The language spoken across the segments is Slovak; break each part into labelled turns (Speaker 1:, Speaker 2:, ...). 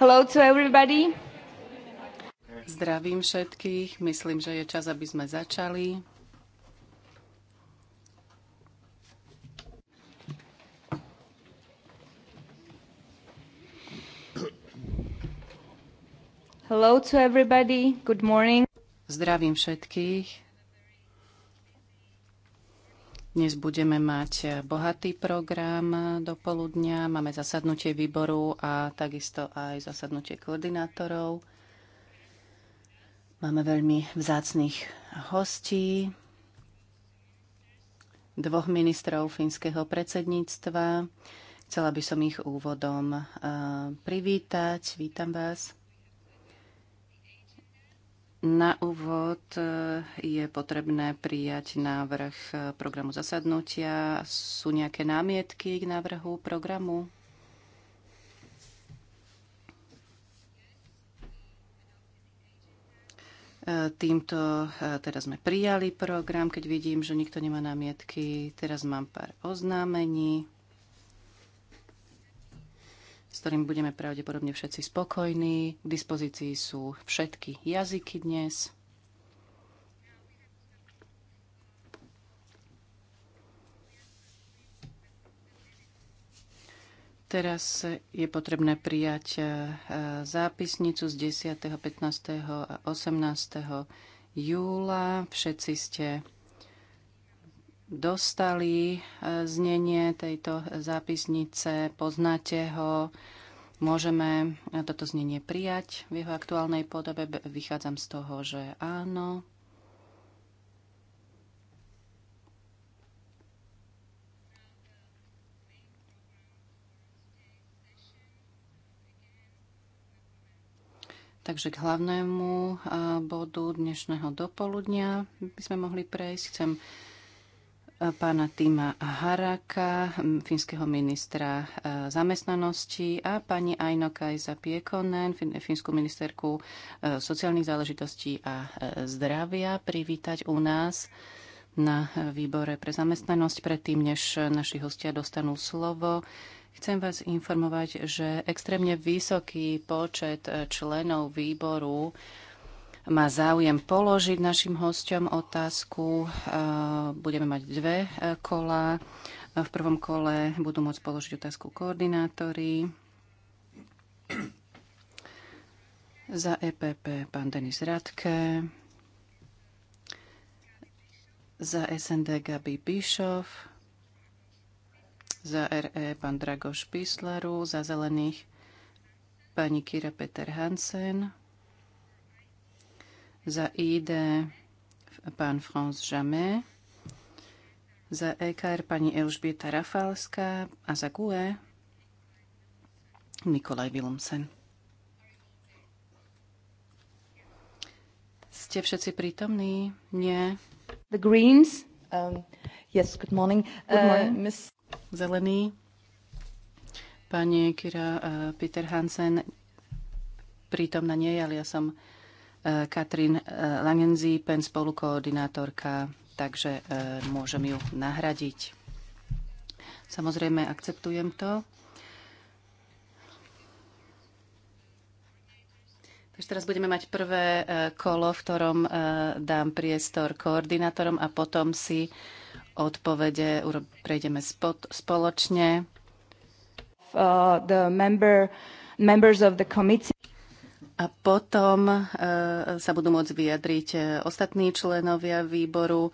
Speaker 1: Hello
Speaker 2: to everybody. Zdravím všetkých. Myslím, že je čas, aby sme začali. Hello to everybody. Good morning. Zdravím všetkých. Dnes budeme mať e, bohatý program e, do poludnia, máme zasadnutie výboru a takisto aj zasadnutie koordinátorov. Máme veľmi vzácných hostí, dvoch ministrov fínskeho predsedníctva. Chcela by som ich úvodom e, privítať. Vítam vás. Na úvod e, je potrebné prijať návrh e, programu zasadnutia. Sú nejaké námietky k návrhu programu? E, týmto teraz sme prijali program, keď vidím, že nikto nemá námietky. Teraz mám pár oznámení s ktorým budeme pravdepodobne všetci spokojní. K dispozícii sú všetky jazyky dnes. Teraz je potrebné prijať e, zápisnicu z 10., 15. a 18. júla. Všetci ste dostali e, znenie tejto zápisnice, poznáte ho, môžeme toto znenie prijať v jeho aktuálnej podobe. Vychádzam z toho, že áno. Takže k hlavnému bodu dnešného dopoludnia by sme mohli prejsť. Chcem pána Tima Haraka, fínskeho ministra e, zamestnanosti a pani Aino Kajsa Piekonen, fínsku ministerku e, sociálnych záležitostí a e, zdravia, privítať u nás na výbore pre zamestnanosť. Predtým, než naši hostia dostanú slovo, chcem vás informovať, že extrémne vysoký počet členov výboru má záujem položiť našim hostiom otázku. E, budeme mať dve e, kola. E, v prvom kole budú môcť položiť otázku koordinátori. Za EPP pán Denis Radke. Za SND Gabi Bišov. Za RE pán Dragoš Pislaru. Za Zelených pani Kira Peter Hansen za ID pán Franz Jamé. Za EKR pani Elžbieta Rafalská a za QE Nikolaj Vilumsen. Ste všetci prítomní? Nie. The Greens. Um, yes, good morning. Good uh, morning. Uh, miss... Zelený. Pani Kira uh, Peter Hansen prítomná nie ale ja som Katrin eh, pen spolukoordinátorka, takže eh, môžem ju nahradiť. Samozrejme, akceptujem to. Takže teraz budeme mať prvé eh, kolo, v ktorom dám priestor koordinátorom a potom si odpovede prejdeme spoločne. Uh, the member, members of the committee a potom e, sa budú môcť vyjadriť e, ostatní členovia výboru.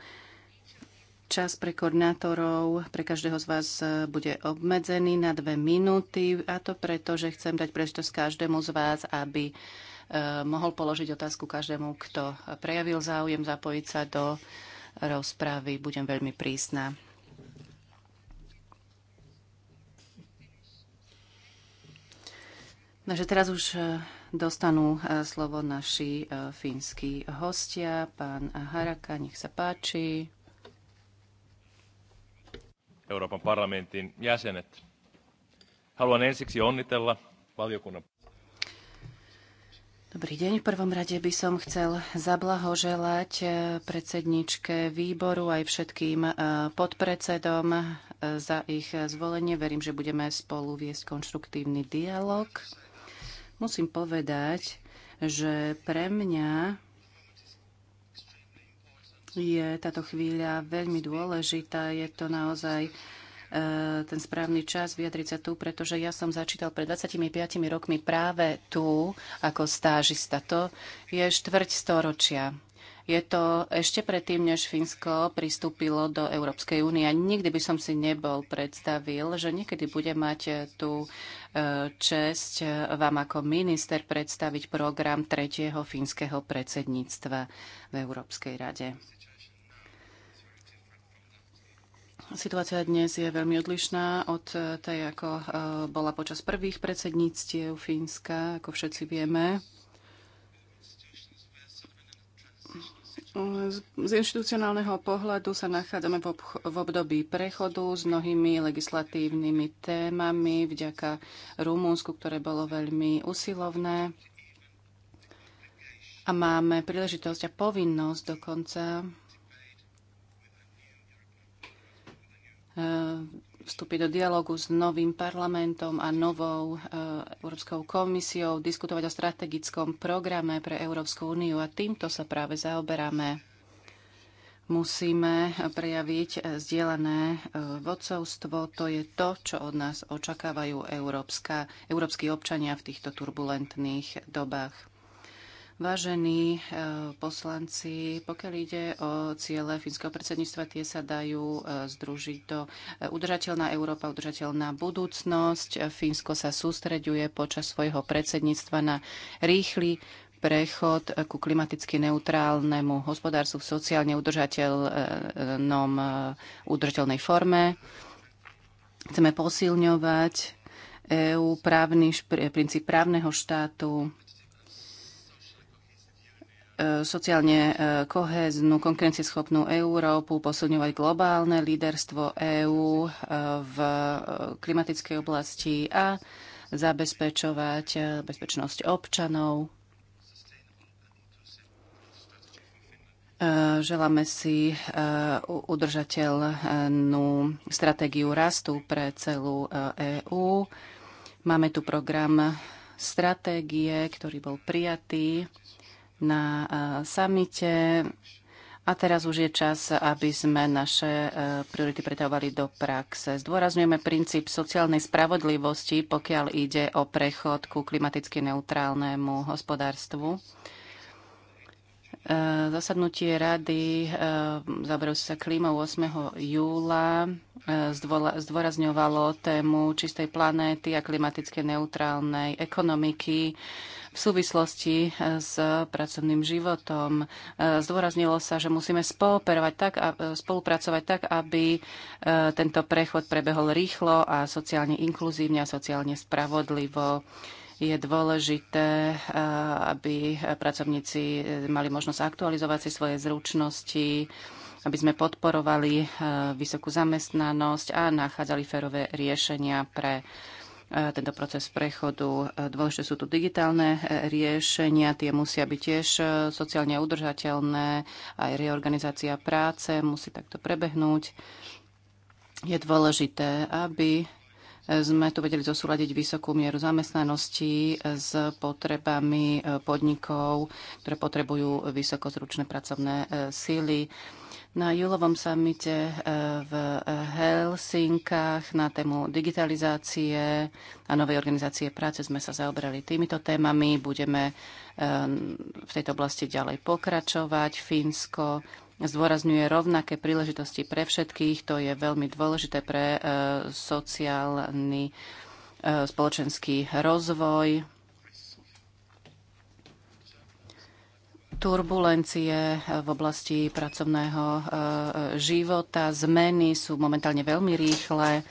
Speaker 2: Čas pre koordinátorov pre každého z vás e, bude obmedzený na dve minúty a to preto, že chcem dať príležitosť každému z vás, aby mohol položiť otázku každému, kto prejavil záujem zapojiť sa do rozpravy. Budem veľmi prísna. Takže no, teraz už dostanú e, slovo naši e, fínsky hostia. Pán Haraka, nech sa páči.
Speaker 3: Euroopan parlamentin jäsenet. Haluan ensiksi onnitella valiokunnan
Speaker 2: Dobrý deň. V prvom rade by som chcel zablahoželať e, predsedničke výboru aj všetkým podpredsedom za ich zvolenie. Verím, že budeme spolu viesť konštruktívny dialog. Musím povedať, že pre mňa je táto chvíľa veľmi dôležitá. Je to naozaj e, ten správny čas vyjadriť sa tu, pretože ja som začítal pred 25 rokmi práve tu ako stážista. To je štvrť storočia. Je to ešte predtým, než Fínsko pristúpilo do Európskej únie. Nikdy by som si nebol predstavil, že niekedy bude mať eh, tú eh, čest eh, vám ako minister predstaviť program tretieho fínskeho predsedníctva v Európskej rade. Situácia dnes je veľmi odlišná od tej, ako bola počas prvých predsedníctiev Fínska, ako všetci vieme. Z inštitucionálneho pohľadu sa nachádzame v, období prechodu s mnohými legislatívnymi témami vďaka Rumúnsku, ktoré bolo veľmi usilovné. A máme príležitosť a povinnosť dokonca e, vstúpiť do dialogu s novým parlamentom a novou e, Európskou komisiou, diskutovať o strategickom programe pre Európsku úniu a týmto sa práve zaoberáme. Musíme prejaviť zdieľané e, vodcovstvo. To je to, čo od nás očakávajú európska, európsky občania v týchto turbulentných dobách. Vážení eh, poslanci, pokiaľ ide o ciele fínskeho predsedníctva, tie sa dajú eh, združiť do eh, udržateľná Európa, udržateľná budúcnosť. Fínsko sa sústreďuje počas svojho predsedníctva na rýchly prechod ku klimaticky neutrálnemu hospodárstvu v sociálne udržateľnom udržateľnej forme. Chceme posilňovať EU právny, princíp právneho štátu, sociálne e, kohéznu, konkurencieschopnú Európu, posilňovať globálne líderstvo EÚ e, v e, klimatickej oblasti a zabezpečovať bezpečnosť občanov. Želáme si udržateľnú stratégiu rastu pre celú EÚ. Máme tu program stratégie, ktorý bol prijatý na e, samite. A teraz už je čas, aby sme naše e, priority pretavovali do praxe. Zdôrazňujeme princíp sociálnej spravodlivosti, pokiaľ ide o prechod ku klimaticky neutrálnemu hospodárstvu. Eh, zasadnutie rady eh, zaoberajúce sa klímou 8. júla eh, zdôrazňovalo tému čistej planéty a klimaticky neutrálnej ekonomiky v súvislosti s pracovným životom. Zdôraznilo sa, že musíme tak, spolupracovať tak aby tento prechod prebehol rýchlo a sociálne inkluzívne a sociálne spravodlivo je dôležité, eh, aby pracovníci eh, mali možnosť aktualizovať si svoje zručnosti, aby sme podporovali eh, vysokú zamestnanosť a nachádzali férové riešenia pre tento proces prechodu. Dôležité sú tu digitálne riešenia, tie musia byť tiež sociálne udržateľné, aj reorganizácia práce musí takto prebehnúť. Je dôležité, aby sme tu vedeli zosúľadiť vysokú mieru zamestnanosti s potrebami e, podnikov, ktoré potrebujú vysokozručné pracovné e, síly. Na júlovom samite e, v Helsinkách na tému digitalizácie a novej organizácie práce sme sa zaobrali týmito témami. Budeme v tejto oblasti ďalej pokračovať. Fínsko zdôrazňuje rovnaké príležitosti pre všetkých. To je veľmi dôležité pre e, sociálny e, spoločenský rozvoj. Turbulencie v oblasti pracovného e, života, zmeny sú momentálne veľmi rýchle.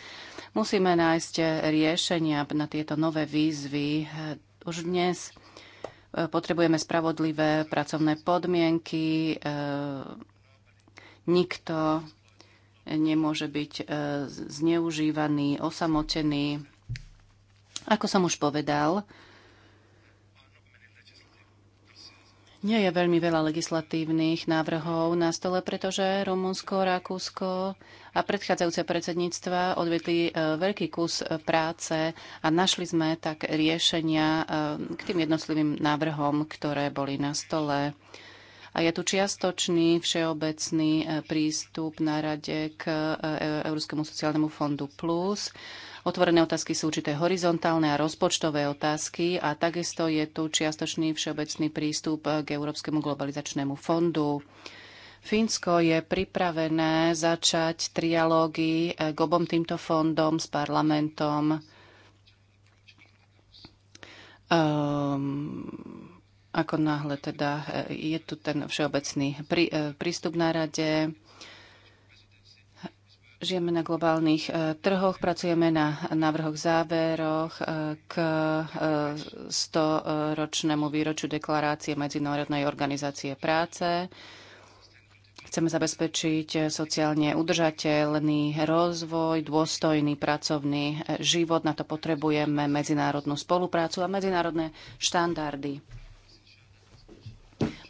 Speaker 2: Musíme nájsť riešenia na tieto nové výzvy už dnes potrebujeme spravodlivé pracovné podmienky, Nikto nemôže byť e, zneužívaný, osamotený. Ako som už povedal, nie je veľmi veľa legislatívnych návrhov na stole, pretože Rumunsko, Rakúsko a predchádzajúce predsedníctva odvedli e, veľký kus e, práce a našli sme tak riešenia k tým jednotlivým návrhom, ktoré boli na stole. A je tu čiastočný všeobecný e, prístup na rade k e, e, Európskemu sociálnemu fondu plus. Otvorené otázky sú určité horizontálne a rozpočtové otázky a takisto je tu čiastočný všeobecný prístup k Európskemu globalizačnému fondu. Fínsko je pripravené začať trialógy k obom týmto fondom s parlamentom. Um, ako náhle teda e, je tu ten všeobecný e, prístup na rade, žijeme na globálnych e, trhoch, pracujeme na návrhoch záveroch k 100-ročnému výročiu deklarácie Medzinárodnej organizácie práce. Chceme zabezpečiť sociálne udržateľný rozvoj, dôstojný pracovný život. Na to potrebujeme medzinárodnú spoluprácu a medzinárodné štandardy.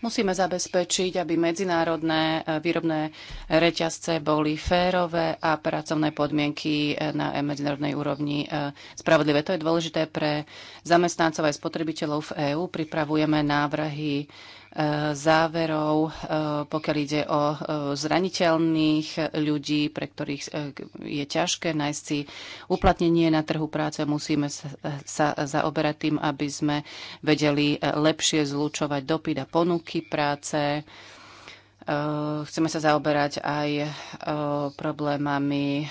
Speaker 2: Musíme zabezpečiť, aby medzinárodné e, výrobné reťazce boli férové a pracovné podmienky e, na medzinárodnej úrovni e, spravodlivé. To je dôležité pre zamestnancov aj spotrebiteľov v EÚ. Pripravujeme návrhy záverov, e, pokiaľ ide o e, zraniteľných ľudí, pre ktorých e, je ťažké nájsť si uplatnenie na trhu práce. Musíme sa zaoberať tým, aby sme vedeli lepšie zlučovať dopyt a ponuky práce Eh, chceme sa zaoberať aj eh, problémami eh,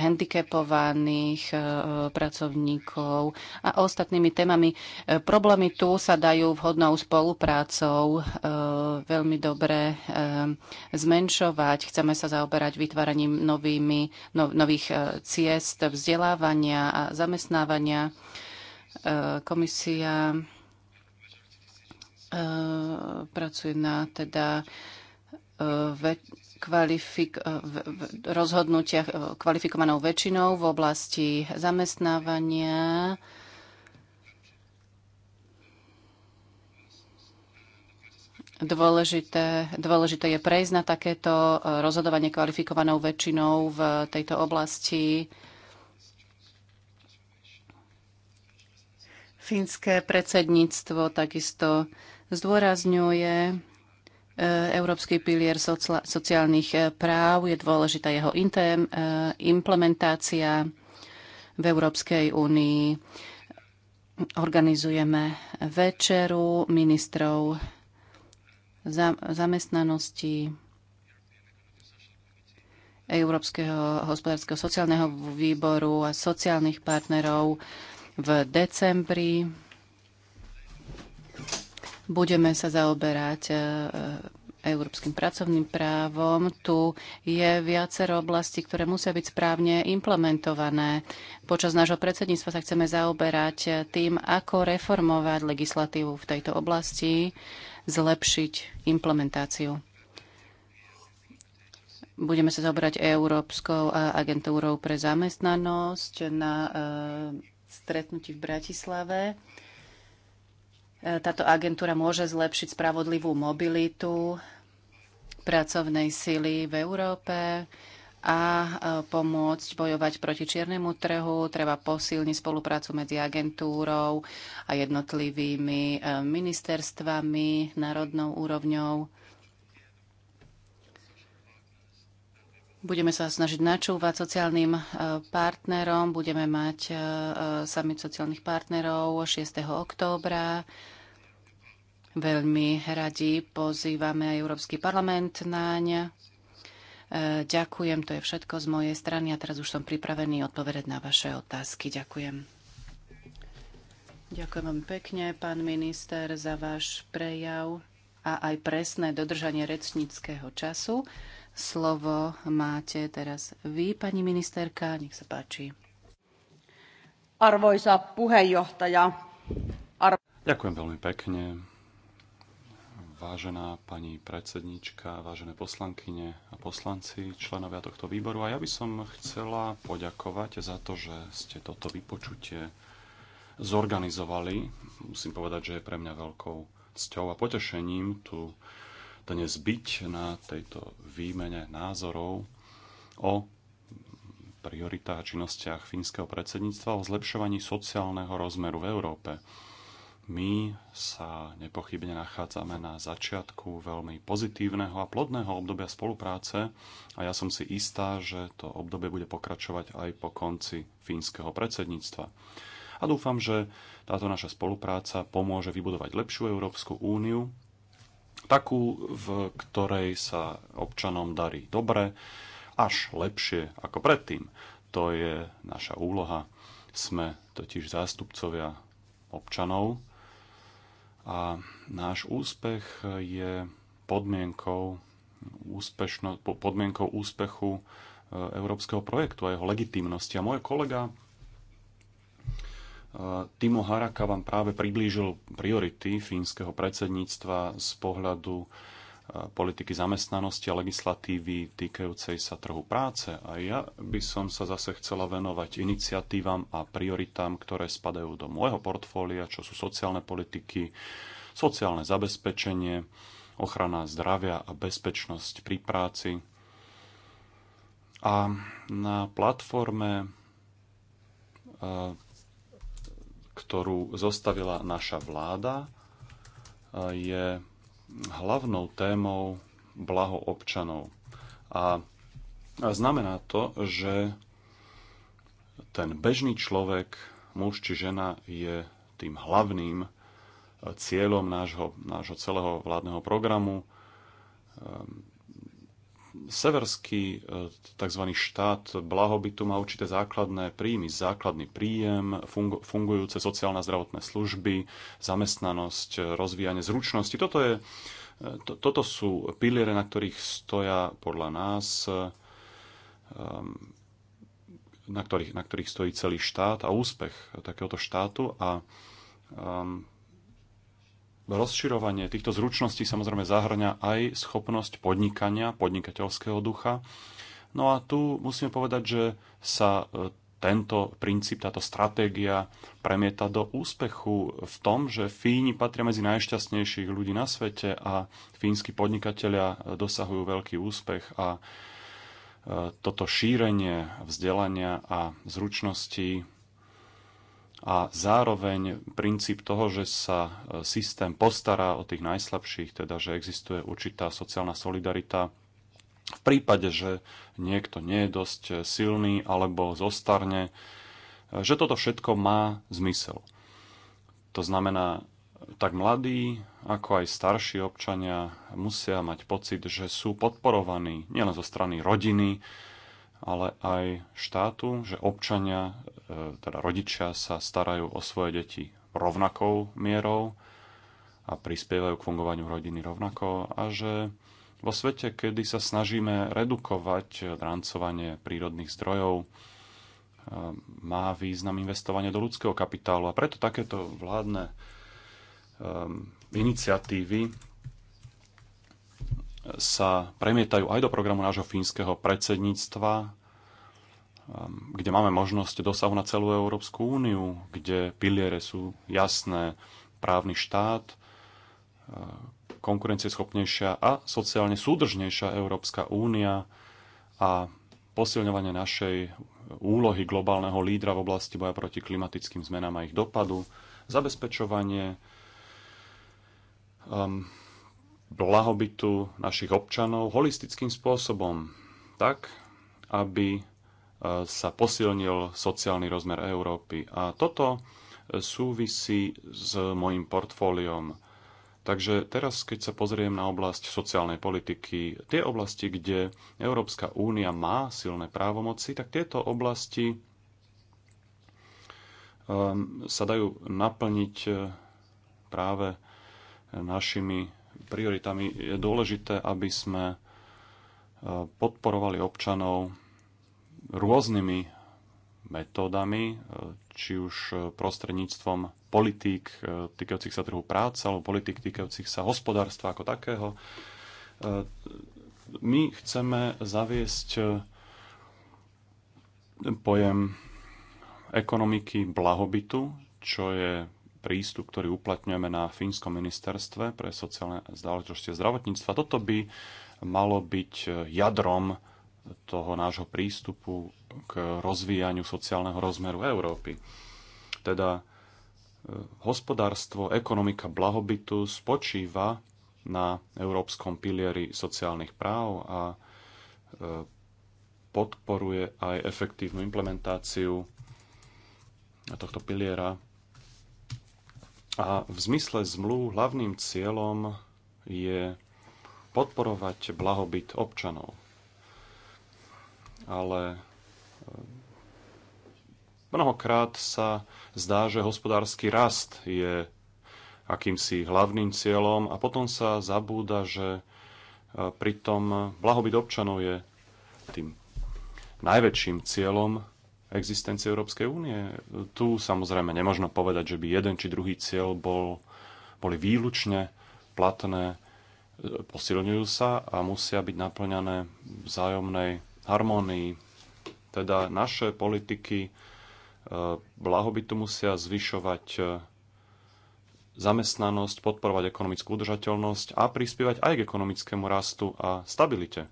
Speaker 2: handicapovaných pracovníkov a ostatnými témami. Problémy tu sa dajú vhodnou spoluprácou veľmi dobre zmenšovať. Chceme sa zaoberať vytváraním novými, no, nových ciest vzdelávania a zamestnávania. Komisia E, pracuje na teda e, kvalifik- e, v rozhodnutiach kvalifikovanou väčšinou v oblasti zamestnávania. Dôležité, dôležité je prejsť na takéto rozhodovanie kvalifikovanou väčšinou v tejto oblasti. Fínske predsedníctvo takisto zdôrazňuje e, Európsky pilier sociálnych e, práv, je dôležitá jeho e, implementácia v Európskej únii. Organizujeme večeru ministrov zamestnanosti Európskeho hospodárskeho sociálneho výboru a sociálnych partnerov v decembri budeme sa zaoberať e, e, európskym pracovným právom. Tu je viacero oblastí, ktoré musia byť správne implementované. Počas nášho predsedníctva sa chceme zaoberať tým, ako reformovať legislatívu v tejto oblasti, zlepšiť implementáciu. Budeme sa zaoberať Európskou e, agentúrou pre zamestnanosť na stretnutí v Bratislave táto agentúra môže zlepšiť spravodlivú mobilitu pracovnej síly v Európe a e, pomôcť bojovať proti čiernemu trhu. Treba posilniť spoluprácu medzi agentúrou a jednotlivými e, ministerstvami, národnou úrovňou Budeme sa snažiť načúvať sociálnym e, partnerom. Budeme mať e, e, summit sociálnych partnerov 6. októbra. Veľmi radi pozývame aj Európsky parlament naň. Ďakujem, to je všetko z mojej strany a teraz už som pripravený odpovedať na vaše otázky. Ďakujem. Ďakujem vám pekne, pán minister, za váš prejav a aj presné dodržanie rečníckého času. Slovo máte teraz vy, pani ministerka, nech sa páči. Arvoisa puheenjohtaja. Ar-
Speaker 3: Ďakujem veľmi pekne. Vážená pani predsednička, vážené poslankyne a poslanci, členovia tohto výboru. A ja by som chcela poďakovať za to, že ste toto vypočutie zorganizovali. Musím povedať, že je pre mňa veľkou cťou a potešením tu dnes byť na tejto výmene názorov o prioritách a činnostiach fínskeho predsedníctva o zlepšovaní sociálneho rozmeru v Európe. My sa nepochybne nachádzame na začiatku veľmi pozitívneho a plodného obdobia spolupráce a ja som si istá, že to obdobie bude pokračovať aj po konci fínskeho predsedníctva. A dúfam, že táto naša spolupráca pomôže vybudovať lepšiu Európsku úniu, takú, v ktorej sa občanom darí dobre, až lepšie ako predtým. To je naša úloha. Sme totiž zástupcovia občanov a náš úspech je podmienkou, úspešno, podmienkou úspechu e, európskeho projektu a jeho legitimnosti. A môj kolega Timo Haraka vám práve priblížil priority fínskeho predsedníctva z pohľadu e, politiky zamestnanosti a legislatívy týkajúcej sa trhu práce. A ja by som sa zase chcela venovať iniciatívam a prioritám, ktoré spadajú do môjho portfólia, čo sú sociálne politiky, sociálne zabezpečenie, ochrana zdravia a bezpečnosť pri práci. A na platforme e, ktorú zostavila naša vláda, e, je hlavnou témou blaho občanov. A znamená to, že ten bežný človek, muž či žena, je tým hlavným e, cieľom nášho, nášho celého vládneho programu ehm, severský e, tzv. štát blahobytu má určité základné príjmy, základný príjem, fungujúce sociálne zdravotné služby, zamestnanosť, rozvíjanie zručnosti. Toto, je, e, to, toto sú piliere, na ktorých stoja podľa nás e, na ktorých, na ktorých stojí celý štát a úspech takéhoto štátu a um, rozširovanie týchto zručností samozrejme zahrňa aj schopnosť podnikania, podnikateľského ducha. No a tu musíme povedať, že sa e, tento princíp, táto stratégia premieta do úspechu v tom, že Fíni patria medzi najšťastnejších ľudí na svete a fínsky podnikatelia e, dosahujú veľký úspech a e, toto šírenie vzdelania a zručností a zároveň princíp toho, že sa e, systém postará o tých najslabších, teda že existuje určitá sociálna solidarita v prípade, že niekto nie je dosť e, silný alebo zostarne, e, že toto všetko má zmysel. To znamená, tak mladí, ako aj starší občania musia mať pocit, že sú podporovaní nielen zo strany rodiny, ale aj štátu, že občania, e, teda rodičia sa starajú o svoje deti rovnakou mierou a prispievajú k fungovaniu rodiny rovnako a že vo svete, kedy sa snažíme redukovať drancovanie prírodných zdrojov, e, má význam investovanie do ľudského kapitálu a preto takéto vládne e, iniciatívy sa premietajú aj do programu nášho fínskeho predsedníctva, um, kde máme možnosť dosahu na celú Európsku úniu, kde piliere sú jasné, právny štát, uh, konkurencieschopnejšia a sociálne súdržnejšia Európska únia a posilňovanie našej úlohy globálneho lídra v oblasti boja proti klimatickým zmenám a ich dopadu, zabezpečovanie um, blahobytu našich občanov holistickým spôsobom, tak, aby e, sa posilnil sociálny rozmer Európy. A toto e, súvisí s mojim portfóliom. Takže teraz, keď sa pozriem na oblasť sociálnej politiky, tie oblasti, kde Európska únia má silné právomoci, tak tieto oblasti e, sa dajú naplniť práve našimi prioritami, je dôležité, aby sme e, podporovali občanov rôznymi metódami, e, či už e, prostredníctvom politík týkajúcich sa trhu práce alebo politík týkajúcich sa hospodárstva ako takého. My chceme zaviesť pojem ekonomiky blahobytu, čo je prístup, ktorý uplatňujeme na Fínskom ministerstve pre sociálne záležitosti a zdravotníctva. Toto by malo byť jadrom toho nášho prístupu k rozvíjaniu sociálneho rozmeru Európy. Teda e, hospodárstvo, ekonomika blahobytu spočíva na európskom pilieri sociálnych práv a e, podporuje aj efektívnu implementáciu tohto piliera a v zmysle zmluv hlavným cieľom je podporovať blahobyt občanov. Ale eh, mnohokrát sa zdá, že hospodársky rast je akýmsi hlavným cieľom a potom sa zabúda, že eh, pritom blahobyt občanov je tým najväčším cieľom existencie Európskej únie. Tu samozrejme nemožno povedať, že by jeden či druhý cieľ bol, boli výlučne platné, e, posilňujú sa a musia byť naplňané vzájomnej harmónii. Teda naše politiky e, blahobytu musia zvyšovať e, zamestnanosť, podporovať ekonomickú udržateľnosť a prispievať aj k ekonomickému rastu a stabilite.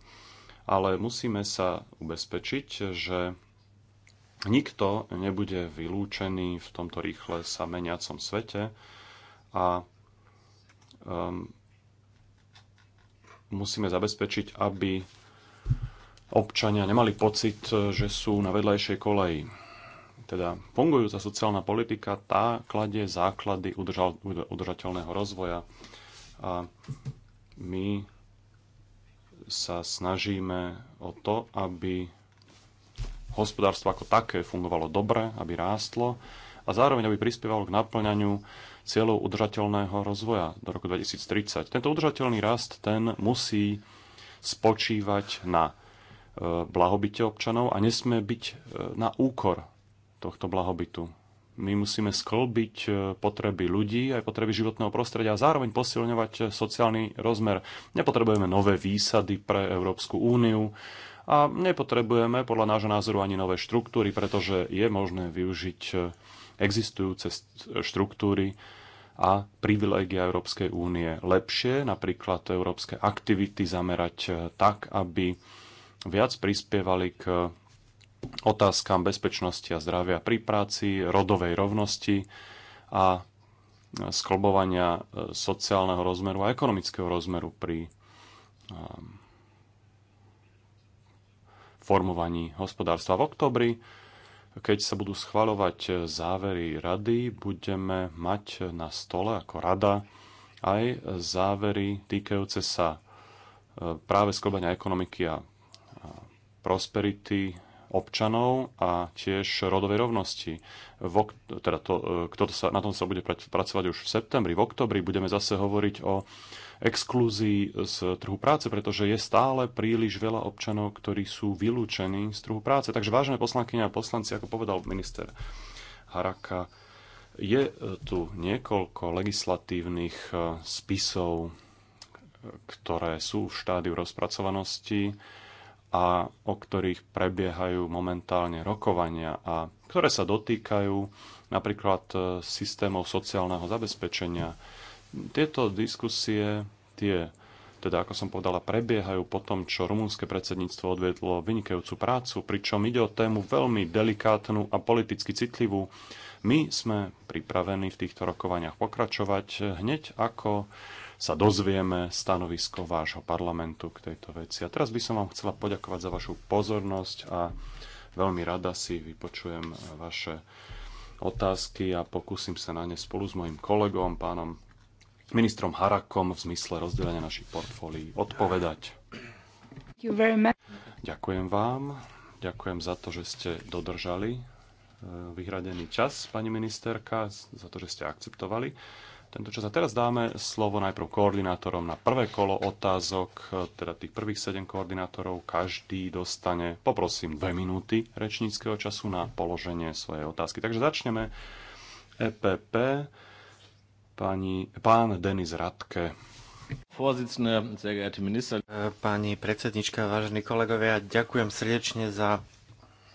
Speaker 3: Ale musíme sa ubezpečiť, že nikto nebude vylúčený v tomto rýchle sa meniacom svete a um, musíme zabezpečiť, aby občania nemali pocit, že sú na vedľajšej koleji. Teda fungujúca sociálna politika, tá kladie základy udržateľného rozvoja a my sa snažíme o to, aby hospodárstvo ako také fungovalo dobre, aby rástlo a zároveň aby prispievalo k naplňaniu cieľov udržateľného rozvoja do roku 2030. Tento udržateľný rast ten musí spočívať na e, blahobite občanov a nesmie byť e, na úkor tohto blahobytu. My musíme sklbiť e, potreby ľudí aj potreby životného prostredia a zároveň posilňovať sociálny rozmer. Nepotrebujeme nové výsady pre Európsku úniu, a nepotrebujeme podľa nášho názoru ani nové štruktúry, pretože je možné využiť e, existujúce štruktúry a privilégia Európskej únie lepšie, napríklad európske aktivity zamerať e, tak, aby viac prispievali k otázkam bezpečnosti a zdravia pri práci, rodovej rovnosti a e, sklbovania sociálneho rozmeru a ekonomického rozmeru pri formovaní hospodárstva. V oktobri, keď sa budú schvaľovať e, závery rady, budeme mať na stole ako rada aj závery týkajúce sa e, práve sklbenia ekonomiky a prosperity občanov a tiež rodovej rovnosti. teda to, e, kto sa, na tom sa bude pracovať už v septembri. V oktobri budeme zase hovoriť o exkluzí z trhu práce, pretože je stále príliš veľa občanov, ktorí sú vylúčení z trhu práce. Takže vážené poslankyne a poslanci, ako povedal minister Haraka, je tu niekoľko legislatívnych eh, spisov, ktoré sú v štádiu rozpracovanosti a o ktorých prebiehajú momentálne rokovania a ktoré sa dotýkajú napríklad eh, systémov sociálneho zabezpečenia, tieto diskusie, tie, teda ako som povedala, prebiehajú po tom, čo rumúnske predsedníctvo odvedlo vynikajúcu prácu, pričom ide o tému veľmi delikátnu a politicky citlivú. My sme pripravení v týchto rokovaniach pokračovať hneď ako sa dozvieme stanovisko vášho parlamentu k tejto veci. A teraz by som vám chcela poďakovať za vašu pozornosť a veľmi rada si vypočujem vaše otázky a pokúsim sa na ne spolu s mojim kolegom, pánom ministrom Harakom v zmysle rozdelenia našich portfólií odpovedať. Ďakujem vám. Ďakujem za to, že ste dodržali e, vyhradený čas, pani ministerka, za to, že ste akceptovali tento čas. A teraz dáme slovo najprv koordinátorom na prvé kolo otázok, e, teda tých prvých sedem koordinátorov. Každý dostane, poprosím, dve minúty rečníckého času na položenie svojej otázky. Takže začneme EPP. Pani, pán Denis Radke.
Speaker 1: Pani predsednička, vážení kolegovia, ďakujem srdečne za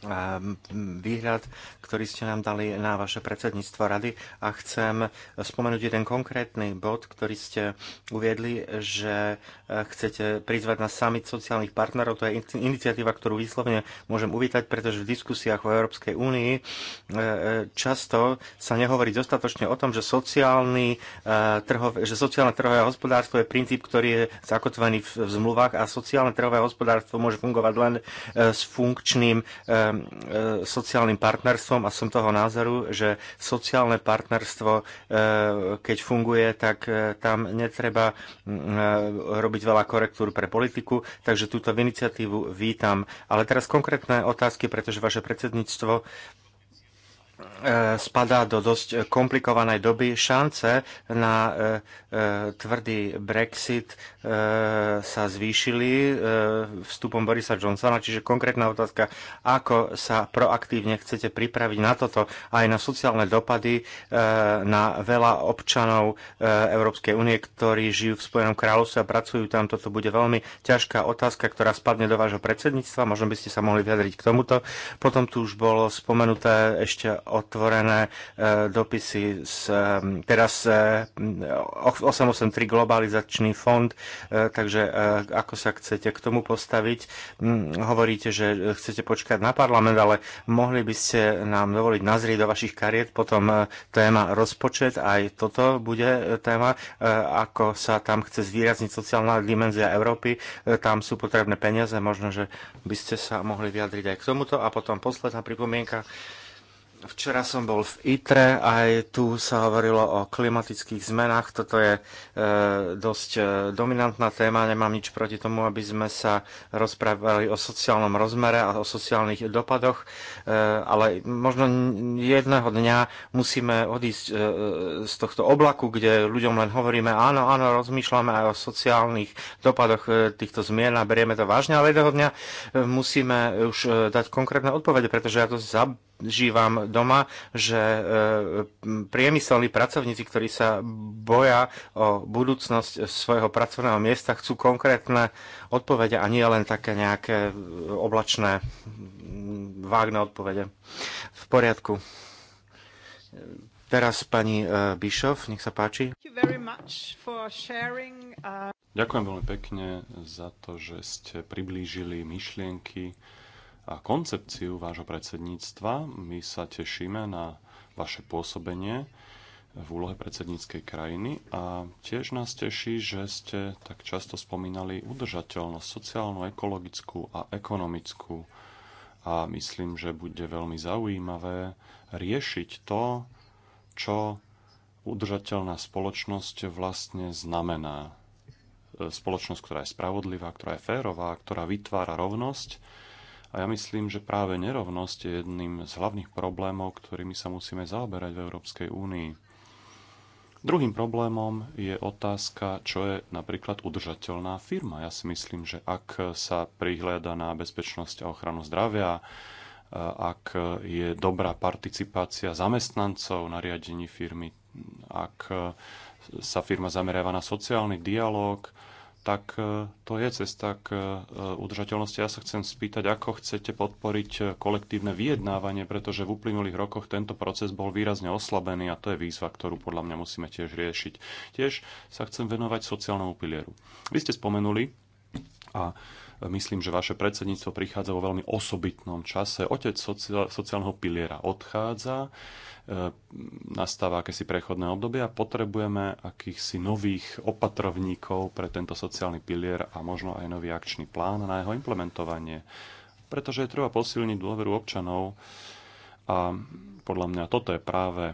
Speaker 1: Ehm, výhľad, ktorý ste nám dali na vaše predsedníctvo rady a chcem spomenúť jeden konkrétny bod, ktorý ste uviedli, že e, chcete prizvať na summit sociálnych partnerov. To je iniciatíva, ktorú výslovne môžem uvítať, pretože v diskusiách o Európskej únii e, e, často sa nehovorí dostatočne o tom, že, sociálny, že sociálne trhové hospodárstvo je princíp, ktorý je zakotvený v zmluvách a sociálne trhové hospodárstvo môže fungovať len s funkčným E, sociálnym partnerstvom a som toho názoru, že sociálne partnerstvo, e, keď funguje, tak e, tam netreba robiť veľa korektúr pre politiku, takže túto iniciatívu vítam. Ale teraz konkrétne otázky, pretože vaše predsedníctvo E, spadá do dosť komplikovanej doby. Šance na e, e, tvrdý Brexit sa zvýšili vstupom Borisa Johnsona, čiže konkrétna otázka, ako sa proaktívne chcete pripraviť na toto aj na sociálne dopady na veľa občanov Európskej únie, ktorí žijú v Spojenom kráľovstve a pracujú tam. Toto bude veľmi ťažká otázka, ktorá spadne do vášho predsedníctva. Možno by ste sa mohli vyjadriť k tomuto. Potom tu už bolo spomenuté ešte otvorené e, dopisy z, e, teraz 883 e, globalizačný fond, takže ako sa chcete k tomu postaviť? Mm, hovoríte, že chcete počkať na parlament, ale mohli by ste nám dovoliť nazrieť do vašich kariet, potom téma rozpočet, aj toto bude téma, ako sa tam chce zvýrazniť sociálna dimenzia Európy, tam sú potrebné peniaze, možno, že by ste sa mohli vyjadriť aj k tomuto. A potom posledná pripomienka, Včera som bol v ITRE, aj tu sa hovorilo o klimatických zmenách. Toto je e, dosť e, dominantná téma, nemám nič proti tomu, aby sme sa rozprávali o sociálnom rozmere a o sociálnych dopadoch, e, ale možno jedného dňa musíme odísť e, z tohto oblaku, kde ľuďom len hovoríme, áno, áno, rozmýšľame aj o sociálnych dopadoch e, týchto zmien a berieme to vážne, ale jedného dňa e, musíme už e, dať konkrétne odpovede, pretože ja to zab zažívam doma, že e, priemyselní pracovníci, ktorí sa boja o budúcnosť svojho pracovného miesta, chcú konkrétne odpovede a nie len také nejaké oblačné vágne odpovede. V poriadku. Teraz pani e, Bišov, nech sa páči. Uh Ďakujem veľmi pekne za to, že ste
Speaker 3: priblížili myšlienky a koncepciu vášho predsedníctva. My sa tešíme na vaše pôsobenie v úlohe predsedníckej krajiny a tiež nás teší, že ste tak často spomínali udržateľnosť sociálnu, ekologickú a ekonomickú. A myslím, že bude veľmi zaujímavé riešiť to, čo udržateľná spoločnosť vlastne znamená. Spoločnosť, ktorá je spravodlivá, ktorá je férová, ktorá vytvára rovnosť a ja myslím, že práve nerovnosť je jedným z hlavných problémov, ktorými sa musíme zaoberať v Európskej únii. Druhým problémom je otázka, čo je napríklad udržateľná firma. Ja si myslím, že ak sa prihliada na bezpečnosť a ochranu zdravia, ak je dobrá participácia zamestnancov na riadení firmy, ak sa firma zameriava na sociálny dialog, tak e, to je cesta k e, udržateľnosti. Ja sa chcem spýtať, ako chcete podporiť e, kolektívne vyjednávanie, pretože v uplynulých rokoch tento proces bol výrazne oslabený a to je výzva, ktorú podľa mňa musíme tiež riešiť. Tiež sa chcem venovať sociálnemu pilieru. Vy ste spomenuli a Myslím, že vaše predsedníctvo prichádza vo veľmi osobitnom čase. Otec sociálneho piliera odchádza, e, nastáva akési prechodné obdobie a potrebujeme akýchsi nových opatrovníkov pre tento sociálny pilier a možno aj nový akčný plán na jeho implementovanie. Pretože je treba posilniť dôveru občanov a podľa mňa toto je práve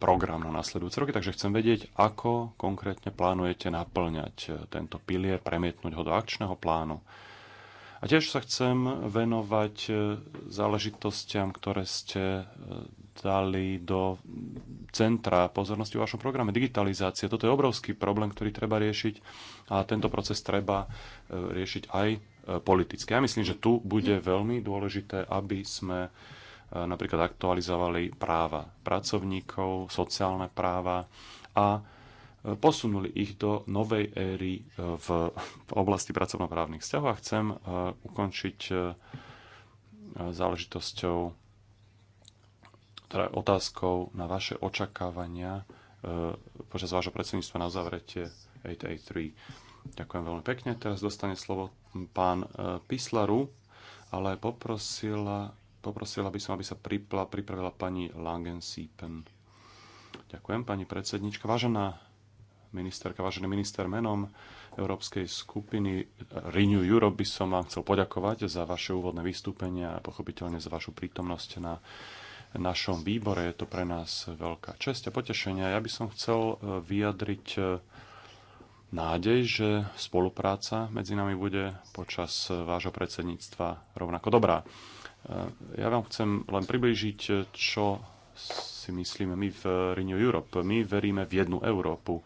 Speaker 3: program na nasledujúce roky, takže chcem vedieť, ako konkrétne plánujete naplňať e, tento pilier, premietnúť ho do akčného plánu. A tiež sa chcem venovať e, záležitostiam, ktoré ste e, dali do centra pozornosti v vašom programe digitalizácie. Toto je obrovský problém, ktorý treba riešiť a tento proces treba e, riešiť aj politicky. Ja myslím, že tu bude veľmi dôležité, aby sme napríklad aktualizovali práva pracovníkov, sociálne práva a posunuli ich do novej éry e, v, v oblasti pracovnoprávnych vzťahov a chcem e, ukončiť e, záležitosťou, teda otázkou na vaše očakávania počas vášho predsedníctva na uzavretie 883. Ďakujem veľmi pekne. Teraz dostane slovo pán Pislaru, ale poprosila, poprosila by som, aby sa pripla, pripravila pani Langen-Siepen. Ďakujem, pani predsednička. Vážená ministerka, vážený minister, menom Európskej skupiny Renew Europe by som vám chcel poďakovať za vaše úvodné vystúpenie a pochopiteľne za vašu prítomnosť na našom výbore. Je to pre nás veľká česť a potešenia. Ja by som chcel e, vyjadriť e, nádej, že spolupráca medzi nami bude počas e, vášho predsedníctva rovnako dobrá. Ja vám chcem len priblížiť, čo si myslíme my v Renew Europe. My veríme v jednu Európu.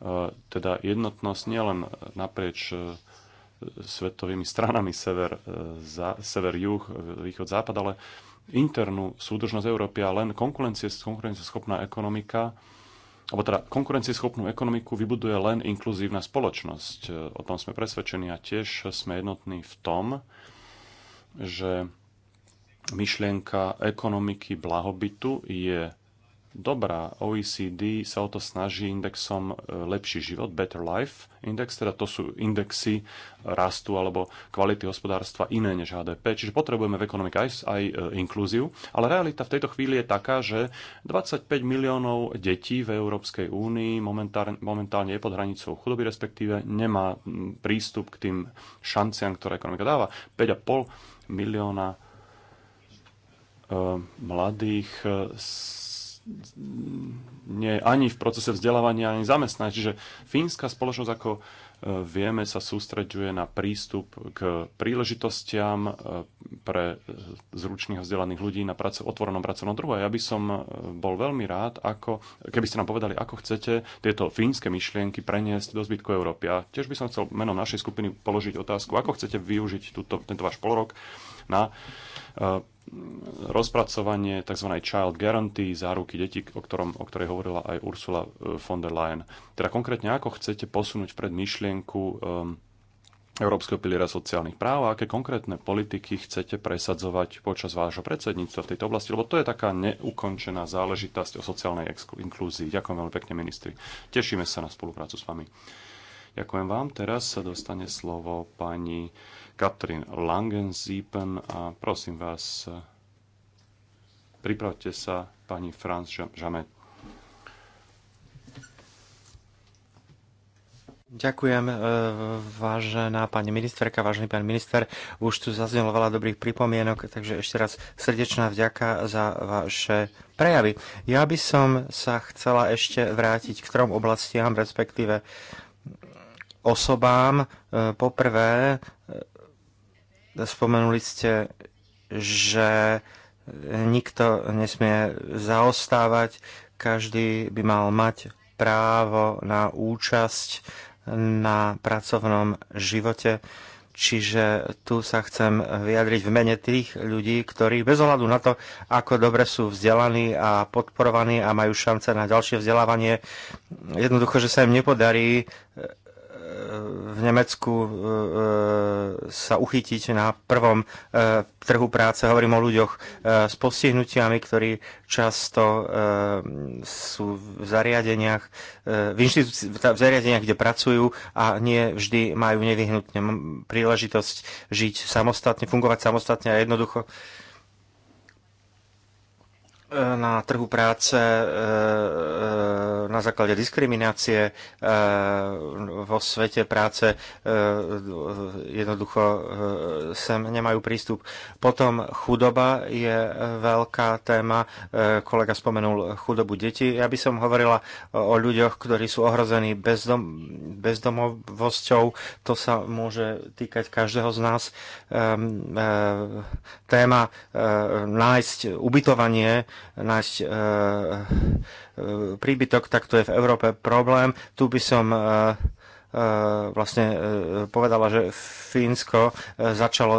Speaker 3: E, teda jednotnosť nielen naprieč e, svetovými stranami sever, e, za, sever juh, východ, západ, ale internú súdržnosť Európy a len konkurencieschopná ekonomika, alebo teda konkurencieschopnú ekonomiku vybuduje len inkluzívna spoločnosť. O tom sme presvedčení a tiež sme jednotní v tom, že myšlienka ekonomiky blahobytu je dobrá. OECD sa o to snaží indexom e, Lepší život, Better Life Index, teda to sú indexy rastu alebo kvality hospodárstva iné než HDP, čiže potrebujeme v ekonomike aj, aj e, inklúziu, ale realita v tejto chvíli je taká, že 25 miliónov detí v Európskej únii momentálne, momentálne je pod hranicou chudoby, respektíve nemá prístup k tým šanciam, ktoré ekonomika dáva. 5,5 milióna e, mladých nie ani v procese vzdelávania, ani zamestnania. Čiže fínska spoločnosť, ako e, vieme, sa sústreďuje na prístup k príležitostiam e, pre e, zručných a vzdelaných ľudí na praco- otvorenom pracovnom trhu. A ja by som bol veľmi rád, ako, keby ste nám povedali, ako chcete tieto fínske myšlienky preniesť do zbytku Európy. A tiež by som chcel menom našej skupiny položiť otázku, ako chcete využiť túto, tento váš polrok na rozpracovanie tzv. Child Guarantee, záruky detí, o, ktorom, o ktorej hovorila aj Ursula e, von der Leyen. Teda konkrétne, ako chcete posunúť pred myšlienku um, Európskeho piliera sociálnych práv a aké konkrétne politiky chcete presadzovať počas vášho predsedníctva v tejto oblasti, lebo to je taká neukončená záležitosť o sociálnej inklúzii. Ďakujem veľmi pekne, ministri. Tešíme sa na spoluprácu s vami. Ďakujem vám. Teraz sa dostane slovo pani Katrin Langensiepen a prosím vás,
Speaker 1: pripravte sa pani Franz Žamet. Ďakujem, e, vážená pani ministerka, vážený pán minister. Už tu zaznelo veľa dobrých pripomienok, takže ešte raz srdečná vďaka za vaše prejavy. Ja by som sa chcela ešte vrátiť k trom oblastiam, respektíve osobám. E, poprvé, e, spomenuli ste, že nikto nesmie zaostávať, každý by mal mať právo na účasť na pracovnom živote. Čiže tu sa chcem vyjadriť v mene tých ľudí, ktorí bez ohľadu na to, ako dobre sú vzdelaní a podporovaní a majú šance na ďalšie vzdelávanie, jednoducho, že sa im nepodarí e, v Nemecku e, e, sa uchytiť na prvom e, trhu práce. Hovorím o ľuďoch s postihnutiami, ktorí často sú v zariadeniach, v, v zariadeniach, kde pracujú a nie vždy majú nevyhnutne príležitosť žiť samostatne, fungovať samostatne a jednoducho na trhu práce e, e, na základe diskriminácie e, vo svete práce jednoducho sem nemajú prístup. Potom chudoba je veľká téma. Kolega spomenul chudobu detí. Ja by som hovorila o ľuďoch, ktorí sú ohrození bezdom, bezdomovosťou. To sa môže týkať každého z nás. Téma nájsť ubytovanie náš e, eh, e, eh, príbytok, tak to je v Európe problém. Tu by som e, E, vlastne e, povedala, že Fínsko e, začalo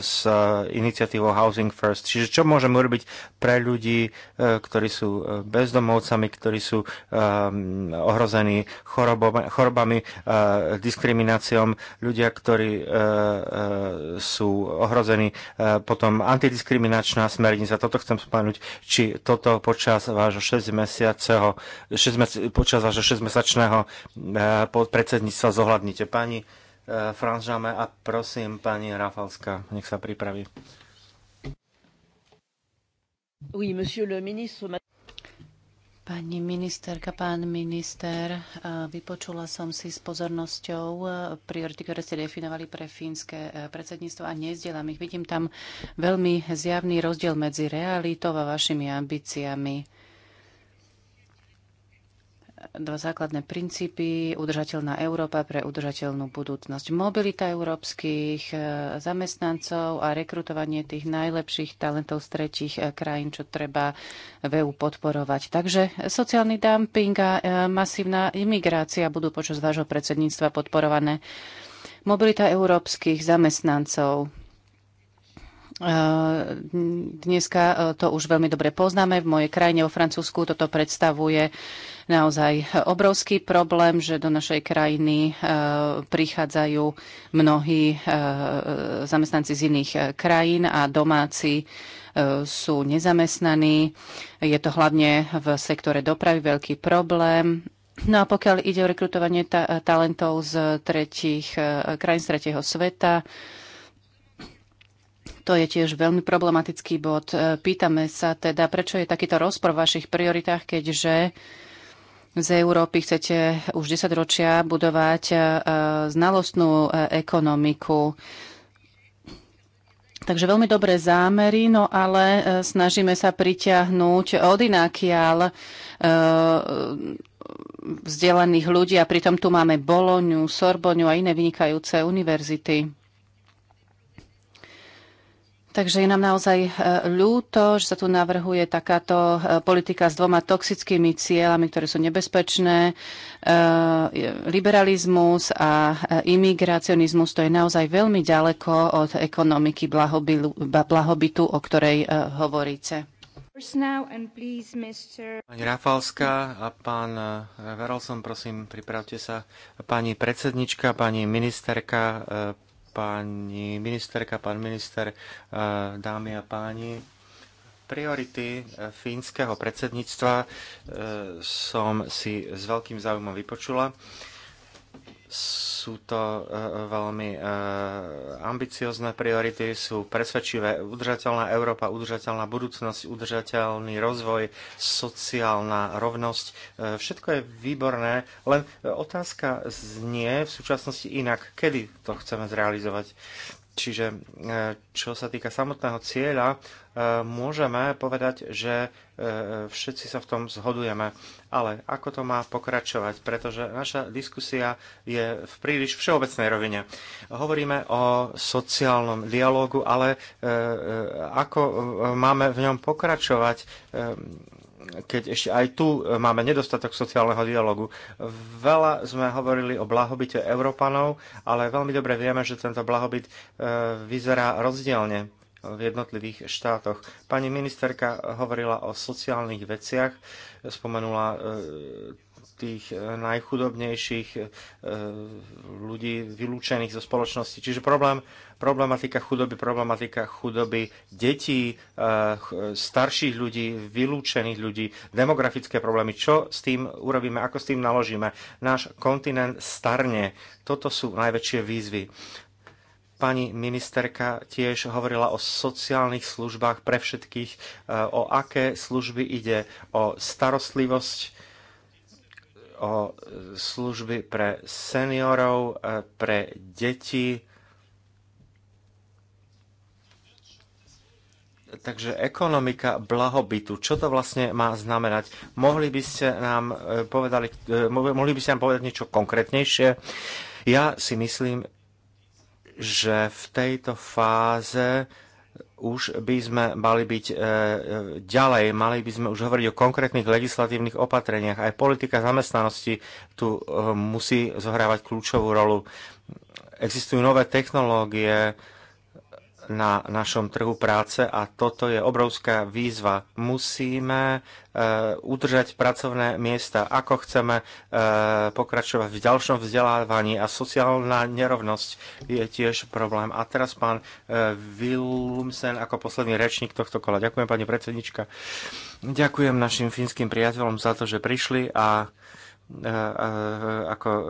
Speaker 1: s iniciatívou Housing First. Čiže čo môžeme urobiť pre ľudí, ktorí sú bezdomovcami, ktorí sú ohrození chorobami, diskrimináciom, ľudia, ktorí sú ohrození potom antidiskriminačná smernica. Toto chcem spomenúť, či toto počas vášho 6 mesiaceho, 6 počas vášho 6-mesačného podpredsedníctva sa zohľadnite. Pani eh, Franžame a prosím pani Rafalská, nech sa pripraví.
Speaker 2: Oui, monsieur le ministre, Pani ministerka, pán minister, eh, vypočula som si s pozornosťou eh, priority, ktoré ste definovali pre fínske predsedníctvo a nezdielam ich. Vidím tam veľmi zjavný rozdiel medzi realitou a vašimi ambíciami dva základné princípy. Udržateľná Európa pre udržateľnú budúcnosť. Mobilita európskych e, zamestnancov a rekrutovanie tých najlepších talentov z tretich e, krajín, čo treba v EU podporovať. Takže sociálny dumping a e, masívna imigrácia budú počas vášho predsedníctva podporované. Mobilita európskych zamestnancov Ehm, dneska e, to už veľmi dobre poznáme. V mojej krajine, o Francúzsku, toto predstavuje naozaj obrovský problém, že do našej krajiny e, prichádzajú mnohí e, zamestnanci z iných krajín a domáci sú nezamestnaní. Je to hlavne v sektore dopravy veľký problém. No a pokiaľ ide o rekrutovanie ta- talentov z tretich, krajín z tretieho sveta, to je tiež veľmi problematický bod. E, pýtame sa teda, prečo je takýto rozpor v vašich prioritách, keďže z Európy chcete už 10 ročia budovať e, e, znalostnú ekonomiku. Takže veľmi dobré zámery, no ale snažíme sa priťahnuť od inakiaľ vzdelaných ľudí a pritom tu máme Boloňu, Sorboňu a iné vynikajúce univerzity. Takže je nám naozaj e, ľúto, že sa tu navrhuje takáto e, politika s dvoma toxickými cieľami, ktoré sú nebezpečné. E, liberalizmus a imigracionizmus to je naozaj veľmi ďaleko od ekonomiky blahobytu, o ktorej hovoríte.
Speaker 1: Pani Rafalská a pán Verolson, prosím, pripravte sa. Pani predsednička, pani ministerka, pani ministerka, pán minister, e, dámy a páni. Priority e, fínskeho predsedníctva e, som si s veľkým záujmom vypočula. Sú to e, e, veľmi e, ambiciozne priority, sú presvedčivé udržateľná Európa, udržateľná budúcnosť, udržateľný rozvoj, sociálna rovnosť. Všetko je výborné, len otázka znie v súčasnosti inak, kedy to chceme zrealizovať. Čiže e, čo sa týka samotného cieľa, e, môžeme povedať, že e, všetci sa v tom zhodujeme. Ale ako to má pokračovať? Pretože naša diskusia je v príliš všeobecnej rovine. Hovoríme o sociálnom dialógu, ale ako máme v ňom pokračovať? keď ešte aj tu e, máme nedostatok sociálneho dialogu. Veľa sme hovorili o blahobite Európanov, ale veľmi dobre vieme, že tento blahobyt e, vyzerá rozdielne v jednotlivých štátoch. Pani ministerka hovorila o sociálnych veciach, spomenula e, tých eh, najchudobnejších eh, ľudí vylúčených zo spoločnosti. Čiže problém, problematika chudoby, problematika chudoby detí, eh, starších ľudí, vylúčených ľudí, demografické problémy. Čo s tým urobíme, ako s tým naložíme? Náš kontinent starne. Toto sú najväčšie výzvy. Pani ministerka tiež hovorila o sociálnych službách pre všetkých, o aké služby ide, o starostlivosť, o služby pre seniorov, e, pre deti. Takže ekonomika blahobytu, čo to vlastne má znamenať? Mohli by ste nám, e, povedali, e, mohli by ste nám povedať niečo konkrétnejšie? Ja si myslím, že v tejto fáze už by sme mali byť e, e, ďalej, mali by sme už hovoriť o konkrétnych legislatívnych opatreniach. Aj politika zamestnanosti tu e, musí zohrávať kľúčovú rolu. Existujú nové technológie, e, na našom trhu práce a toto je obrovská výzva. Musíme eh, udržať pracovné miesta, ako chceme eh, pokračovať v ďalšom vzdelávaní a sociálna nerovnosť je tiež problém. A teraz pán eh, Willumsen ako posledný rečník tohto kola. Ďakujem pani predsednička. Ďakujem našim fínskym priateľom za to, že prišli a ako e,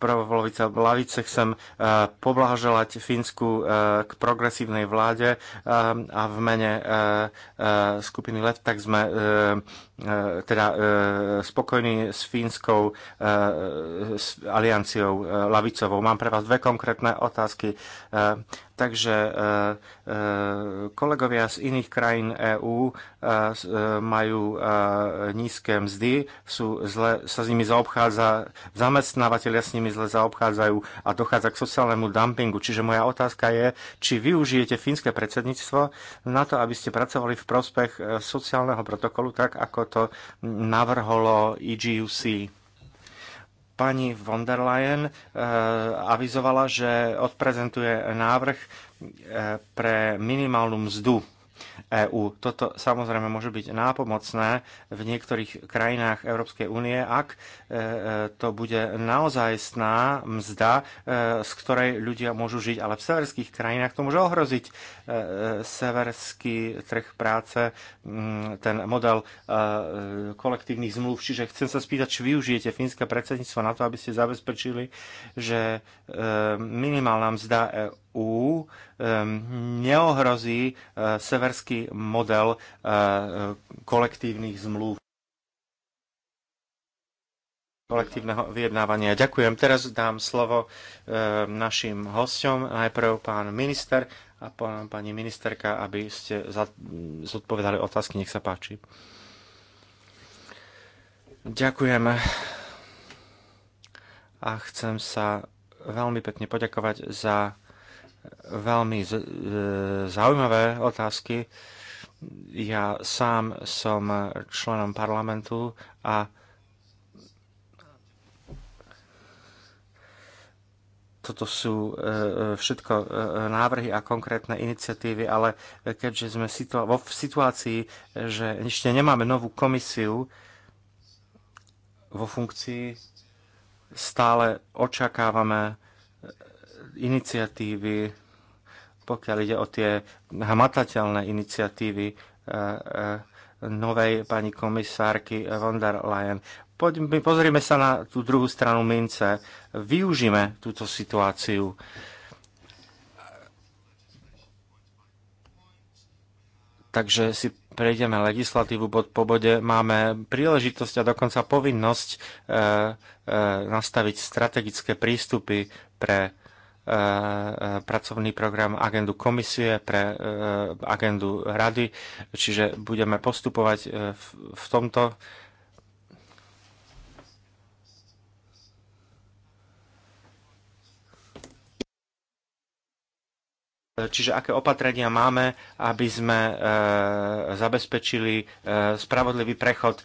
Speaker 1: prvá polovica lavice chcem e, poblahoželať Fínsku e, k progresívnej vláde a v mene skupiny LEV tak sme E, teda e, spokojní s Fínskou e, s alianciou lavicovou. Mám pre vás dve konkrétne otázky. Takže kolegovia z iných krajín EÚ majú nízke mzdy, sú zle, sa s nimi zaobchádza, zamestnávateľia s nimi zle zaobchádzajú a dochádza k sociálnemu dumpingu. Čiže moja otázka je, či využijete fínske predsedníctvo na to, aby ste pracovali v prospech sociálneho protokolu, tak ako to navrholo EGUC. Pani von der Leyen eh, avizovala, že odprezentuje návrh eh, pre minimálnu mzdu EÚ. Toto samozrejme môže byť nápomocné v niektorých krajinách Európskej únie, ak e, e, to bude naozajstná mzda, e, z ktorej ľudia môžu žiť, ale v severských krajinách to môže ohroziť severský trh práce, mm, ten model kolektívnych zmluv. Čiže chcem sa spýtať, či využijete fínske predsedníctvo na to, aby ste zabezpečili, že minimálna mzda EÚ neohrozí e, severský model e, kolektívnych zmluv kolektívneho vyjednávania. Ďakujem. Teraz dám slovo e, našim hosťom. Najprv pán minister a pán, pani ministerka, aby ste zodpovedali otázky. Nech sa páči. Ďakujem. A chcem sa veľmi pekne poďakovať za veľmi e, zaujímavé otázky. Ja sám som členom parlamentu a toto sú e, e, všetko návrhy a konkrétne iniciatívy, ale keďže sme vo situácii, že ešte nemáme novú komisiu vo funkcii, stále očakávame iniciatívy, pokiaľ ide o tie hmatateľné iniciatívy e, e, novej pani komisárky von der Leyen. Poďme, pozrime sa na tú druhú stranu mince. Využíme túto situáciu. Takže si prejdeme legislatívu bod po bode. Máme príležitosť a dokonca povinnosť e, e, nastaviť strategické prístupy pre E, e, pracovný program, agendu komisie, pre e, agendu rady, čiže budeme postupovať v, tomto. Čiže aké opatrenia máme, aby sme zabezpečili spravodlivý prechod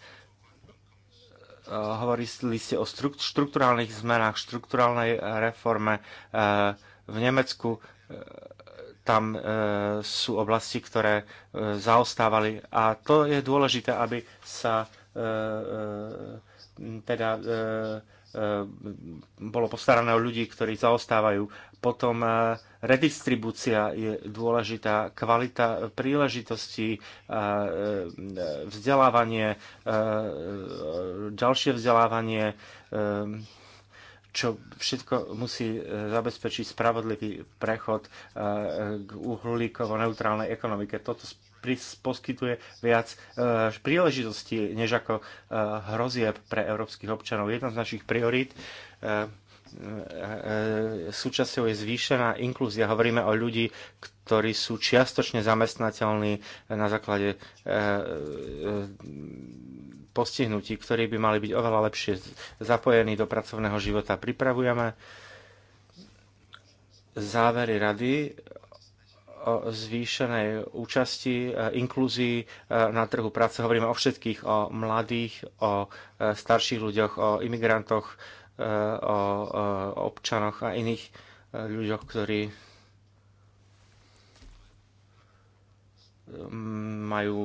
Speaker 1: Eh, hovorili ste o štruktúrálnych zmenách, štruktúrálnej eh, reforme eh, v Nemecku. Tam sú oblasti, ktoré zaostávali a to je dôležité, aby sa teda bolo postarané o ľudí, ktorí zaostávajú. Potom e, redistribúcia je dôležitá, kvalita príležitostí, e, e, vzdelávanie, ďalšie vzdelávanie, čo všetko musí zabezpečiť spravodlivý prechod k uhlíkovo-neutrálnej ekonomike. Toto poskytuje viac príležitostí, než ako hrozieb pre európskych občanov. Jedna z našich priorít E, e, súčasťou je zvýšená inklúzia. Hovoríme o ľudí, ktorí sú čiastočne zamestnateľní na základe e, postihnutí, ktorí by mali byť oveľa lepšie zapojení do pracovného života. Pripravujeme závery rady o zvýšenej účasti, inklúzii na trhu práce. Hovoríme o všetkých, o mladých, o starších ľuďoch, o imigrantoch, o občanoch a iných e, ľuďoch, ktorí majú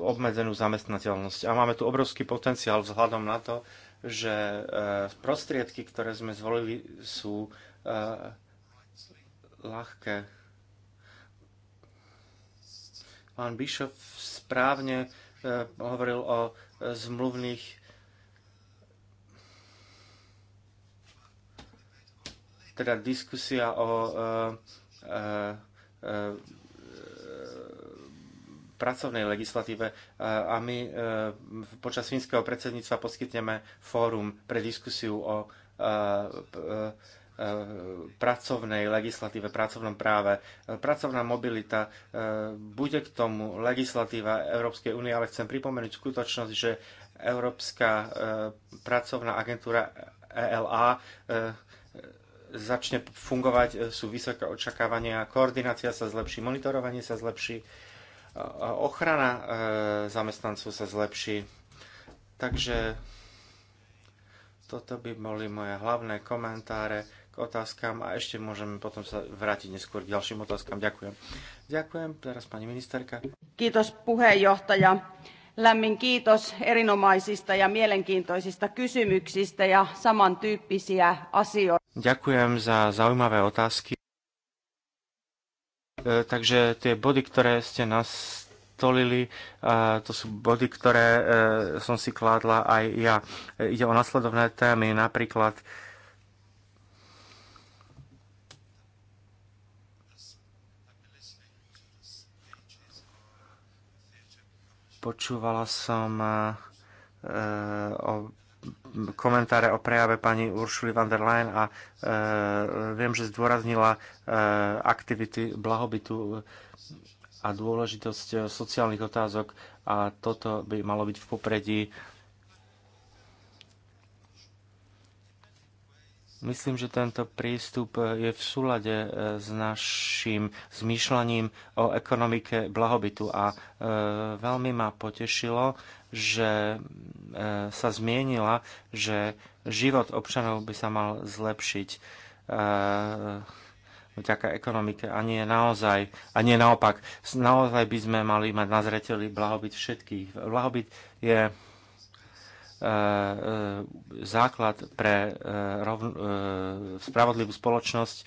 Speaker 1: obmedzenú zamestnateľnosť. A máme tu obrovský potenciál vzhľadom na to, že e, prostriedky, ktoré sme zvolili, sú e, ľahké. Pán Bishop správne hovoril o zmluvných teda diskusia o e, e, e, pracovnej legislatíve a my počas fínskeho predsedníctva poskytneme fórum pre diskusiu o pracovnej legislatíve, pracovnom práve. Pracovná mobilita, bude k tomu legislatíva Európskej únie, ale chcem pripomenúť skutočnosť, že Európska pracovná agentúra ELA začne fungovať, e, sú vysoké očakávania, koordinácia sa zlepší, monitorovanie sa zlepší, e, ochrana e, zamestnancov sa zlepší. Takže toto by boli moje hlavné komentáre k otázkam a ešte môžeme potom sa vrátiť neskôr k ďalším otázkam. Ďakujem. Ďakujem. Teraz pani ministerka.
Speaker 2: Kiitos puheenjohtaja. Lämmin kiitos erinomaisista ja mielenkiintoisista kysymyksistä ja samantyyppisiä asioita.
Speaker 1: Ďakujem za zaujímavé otázky. E, Takže tie body, ktoré ste nastolili, e, To sú body, ktoré e, som si kládla aj ja. E, Ide o nasledovné témy, napríklad e, Počúvala som eh, eh, o komentáre o prejave pani Uršuli van der Leyen a eh, viem, že zdôraznila aktivity blahobytu a dôležitosť sociálnych otázok a toto by malo byť v popredí Myslím, že tento prístup eh, je v súlade eh, s našim zmýšľaním o ekonomike blahobytu a eh, veľmi ma potešilo, že sa zmienila, že život občanov by sa mal zlepšiť vďaka ekonomike a nie naozaj, a nie naopak. Naozaj by sme mali mať na zreteli blahobyt všetkých. Blahobyt je E, e, základ pre e, rovn, spravodlivú spoločnosť,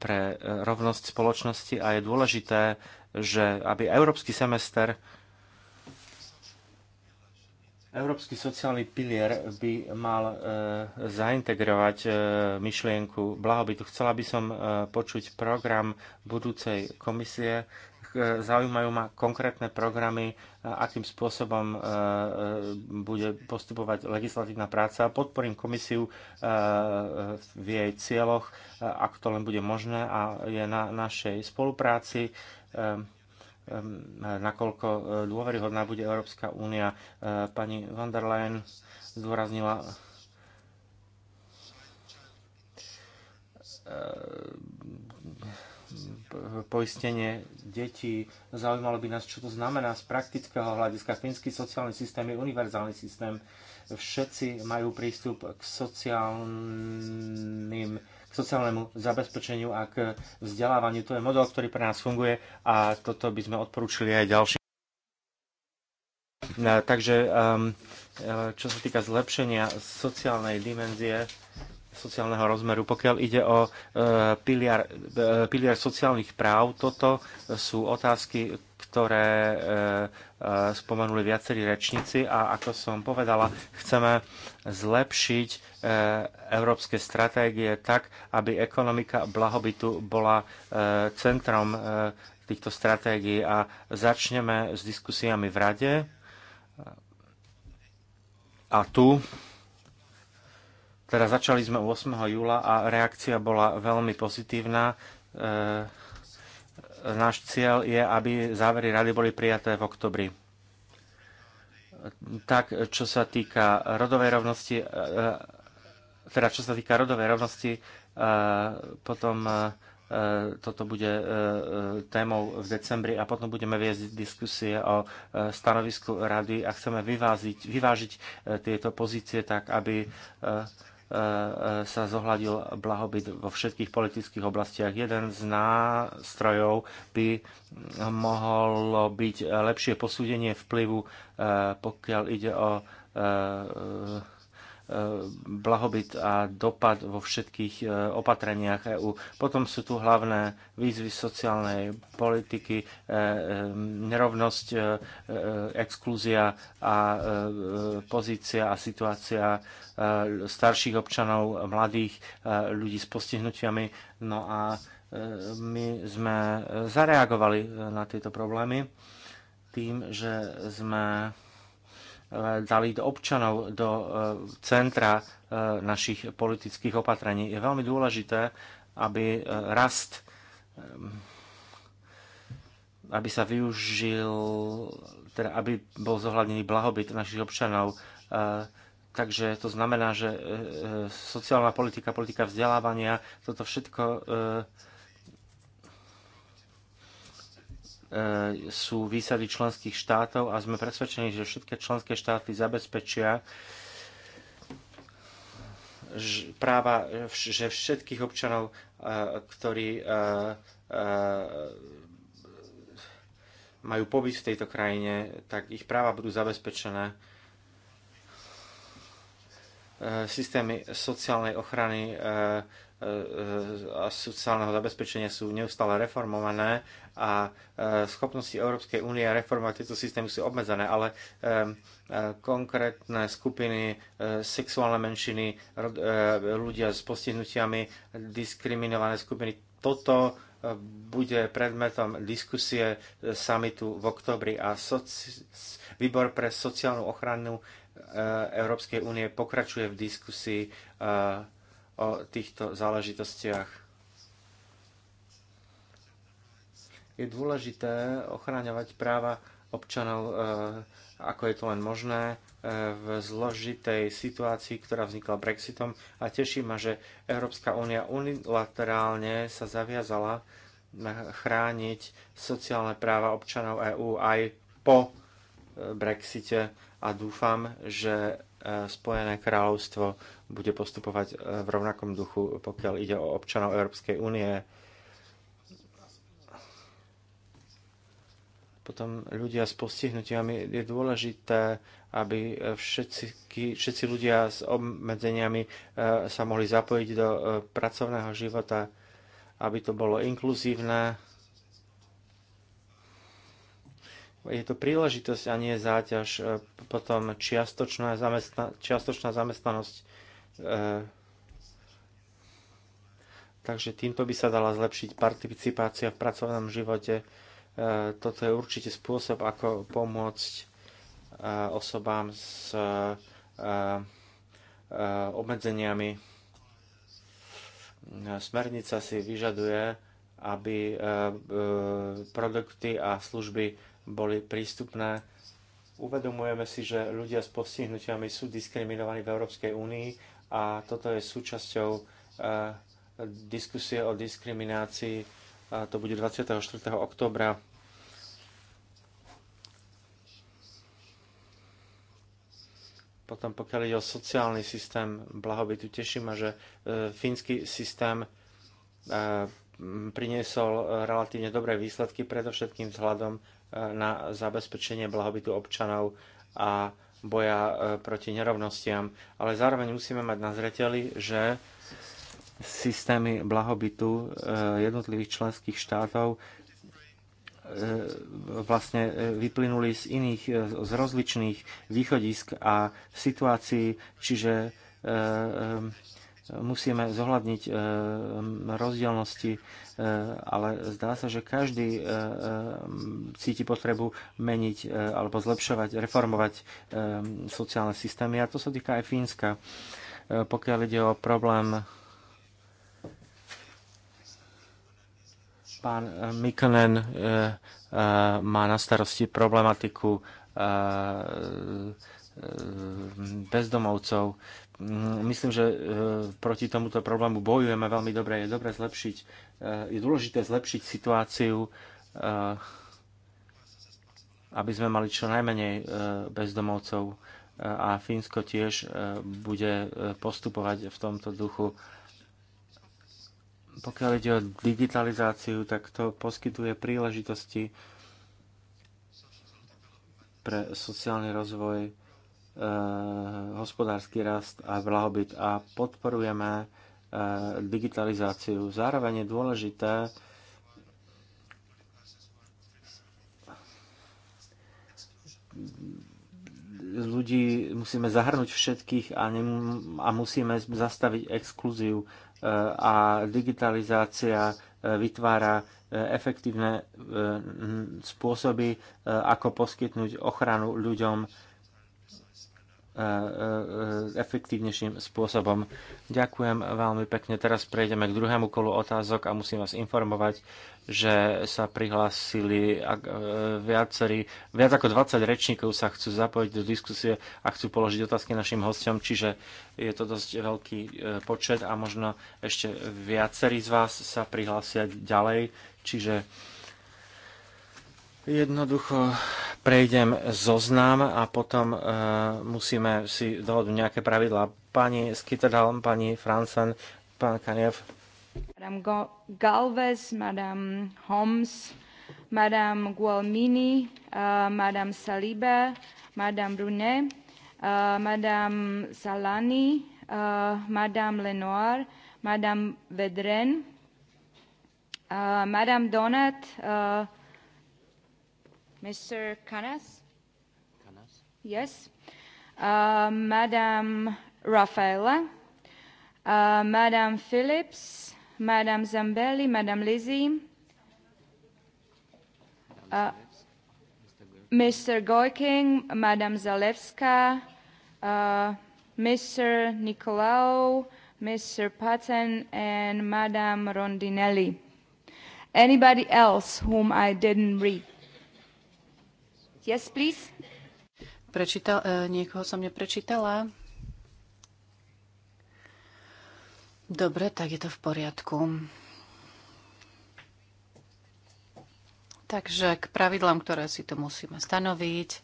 Speaker 1: pre rovnosť spoločnosti a je dôležité, že aby európsky semester Európsky sociálny pilier by mal zaintegrovať myšlienku blahobytu. Chcela by som počuť program budúcej komisie E, zaujímajú ma konkrétne programy, e, akým spôsobom e, bude postupovať legislatívna práca. Podporím komisiu v jej cieľoch, ak to len bude možné a je na našej spolupráci nakoľko dôveryhodná bude Európska únia. Pani von der Leyen zdôraznila poistenie detí. Zaujímalo by nás, čo to znamená z praktického hľadiska. Fínsky sociálny systém je univerzálny systém. Všetci majú prístup k sociálnym k sociálnemu zabezpečeniu a k vzdelávaniu. To je model, ktorý pre nás funguje a toto by sme odporúčili aj ďalším. Takže ehm, e, čo sa týka zlepšenia sociálnej dimenzie, sociálneho rozmeru. Pokiaľ ide o e, pilier, e, piliar sociálnych práv, toto sú otázky, ktoré e, spomenuli viacerí rečníci a ako som povedala, chceme zlepšiť európske stratégie tak, aby ekonomika blahobytu bola centrom týchto stratégií a začneme s diskusiami v Rade. A tu teda začali sme 8. júla a reakcia bola veľmi pozitívna. E, náš cieľ je, aby závery rady boli prijaté v oktobri tak, čo sa týka rodovej rovnosti, e, e, teda čo sa týka rodovej rovnosti, potom toto bude témou v decembri a potom budeme viesť diskusie o stanovisku rady a chceme vyvážiť, vyvážiť tieto pozície tak, aby sa zohľadil blahobyt vo všetkých politických oblastiach. Jeden z nástrojov by mohlo byť lepšie posúdenie vplyvu, eh, pokiaľ ide o eh, blahobyt a dopad vo všetkých e, opatreniach EÚ. Potom sú tu hlavné výzvy sociálnej politiky, e, e, nerovnosť, exklúzia a pozícia a situácia starších občanov, mladých ľudí s postihnutiami. No a my sme zareagovali na tieto problémy tým, že sme E, dali do občanov do e, centra e, našich politických opatrení. Je veľmi dôležité, aby rast aby sa využil, teda aby bol zohľadnený blahobyt našich občanov. Takže to znamená, že sociálna politika, politika vzdelávania, toto všetko E, sú výsady členských štátov a sme presvedčení, že všetky členské štáty zabezpečia práva že všetkých občanov, e, ktorí e, majú pobyt v tejto krajine, tak ich práva budú zabezpečené. Systémy sociálnej ochrany a sociálneho zabezpečenia sú neustále reformované a e, schopnosti Európskej únie reformovať tieto systémy sú obmedzené, ale e, e, konkrétne skupiny, sexuálne menšiny, ľudia s postihnutiami, diskriminované skupiny, toto bude predmetom diskusie samitu v oktobri a soci... výbor pre sociálnu ochranu Európskej únie pokračuje v diskusii o týchto záležitostiach. Je dôležité ochráňovať práva občanov, e, ako je to len možné, e, v zložitej situácii, ktorá vznikla Brexitom a teší ma, že Európska únia unilaterálne sa zaviazala e, chrániť sociálne práva občanov EÚ aj po Brexite a dúfam, že E, Spojené kráľovstvo bude postupovať e, v rovnakom duchu, pokiaľ ide o občanov Európskej únie. Potom ľudia s postihnutiami je dôležité, aby všetci, všetci ľudia s obmedzeniami e, sa mohli zapojiť do pracovného života, aby to bolo inkluzívne je to príležitosť a nie záťaž. E, potom čiastočná, zamestna- čiastočná zamestnanosť. E, takže týmto by sa dala zlepšiť participácia v pracovnom živote. E, toto je určite spôsob, ako pomôcť e, osobám s e, e, obmedzeniami. Smernica si vyžaduje, aby e, e, produkty a služby boli prístupné. Uvedomujeme si, že ľudia s postihnutiami sú diskriminovaní v Európskej únii a toto je súčasťou eh, diskusie o diskriminácii. to bude 24. oktobra. Potom pokiaľ ide o sociálny systém blahobytu, teším ma, že eh, fínsky systém eh, priniesol relatívne dobré výsledky, predovšetkým vzhľadom na zabezpečenie blahobytu občanov a boja e, proti nerovnostiam. Ale zároveň musíme mať na zreteli, že systémy blahobytu e, jednotlivých členských štátov e, vlastne vyplynuli z iných, z rozličných východisk a situácií, čiže musíme zohľadniť eh, rozdielnosti, eh, ale zdá sa, že každý eh, cíti potrebu meniť alebo zlepšovať, reformovať sociálne systémy a to sa týka aj Fínska. Pokiaľ ide o problém pán Mikkonen má na starosti problematiku bezdomovcov. Mm, myslím, že eh, proti tomuto problému bojujeme veľmi dobre. Je dobre zlepšiť, eh, je dôležité zlepšiť situáciu, eh, aby sme mali čo najmenej bezdomovcov a Fínsko tiež bude postupovať v tomto duchu. Pokiaľ ide o digitalizáciu, tak to poskytuje príležitosti pre sociálny rozvoj Eh, hospodársky rast a blahobyt a podporujeme eh, digitalizáciu. Zároveň je dôležité ľudí musíme zahrnúť všetkých a, a musíme zastaviť exkluziu eh, a digitalizácia vytvára efektívne spôsoby, ako poskytnúť ochranu ľuďom E, e, e, efektívnejším spôsobom. Ďakujem veľmi pekne. Teraz prejdeme k druhému kolu otázok a musím vás informovať, že sa prihlásili viacerí, viac ako 20 rečníkov sa chcú zapojiť do diskusie a chcú položiť otázky našim hostom, čiže je to dosť veľký počet a možno ešte viacerí z vás sa prihlásia ďalej, čiže Jednoducho prejdem zoznam a potom e, musíme si dohodnúť nejaké pravidlá. Pani Skitterdal, pani Fransen, pán Kaniev. Madame Galvez,
Speaker 2: Madame Holmes, Madame Gualmini, uh, Madame Saliba, Madame Brunet, uh, Madame Salani, uh, e, Madame Lenoir, Madame Vedren, uh, Madame Donat, uh, Mr. Canas? Canas? Yes. Uh, Madam Rafaela, uh, Madam Phillips, Madam Zambelli, Madam Lizzie, uh, Mr. Goiking, Madam Zalewska, uh, Mr. Nicolau, Mr. Patton, and Madam Rondinelli. Anybody else whom I didn't read? Yes, please. Prečítal, e, niekoho som neprečítala. Dobre, tak je to v poriadku. Takže k pravidlám, ktoré si tu musíme stanoviť,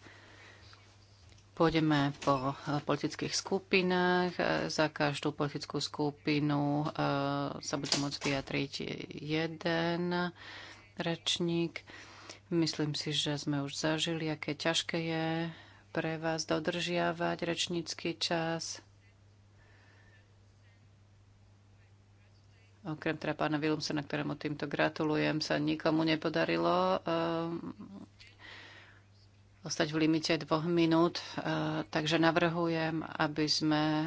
Speaker 2: pôjdeme po e, politických skupinách. E, za každú politickú skupinu sa bude môcť vyjadriť jeden rečník. Myslím si, že sme už zažili, aké ťažké je pre vás dodržiavať rečnícky čas. Okrem teda pána na ktorému týmto gratulujem, sa nikomu nepodarilo ehm, ostať v limite dvoch minút, e, takže navrhujem, aby sme e,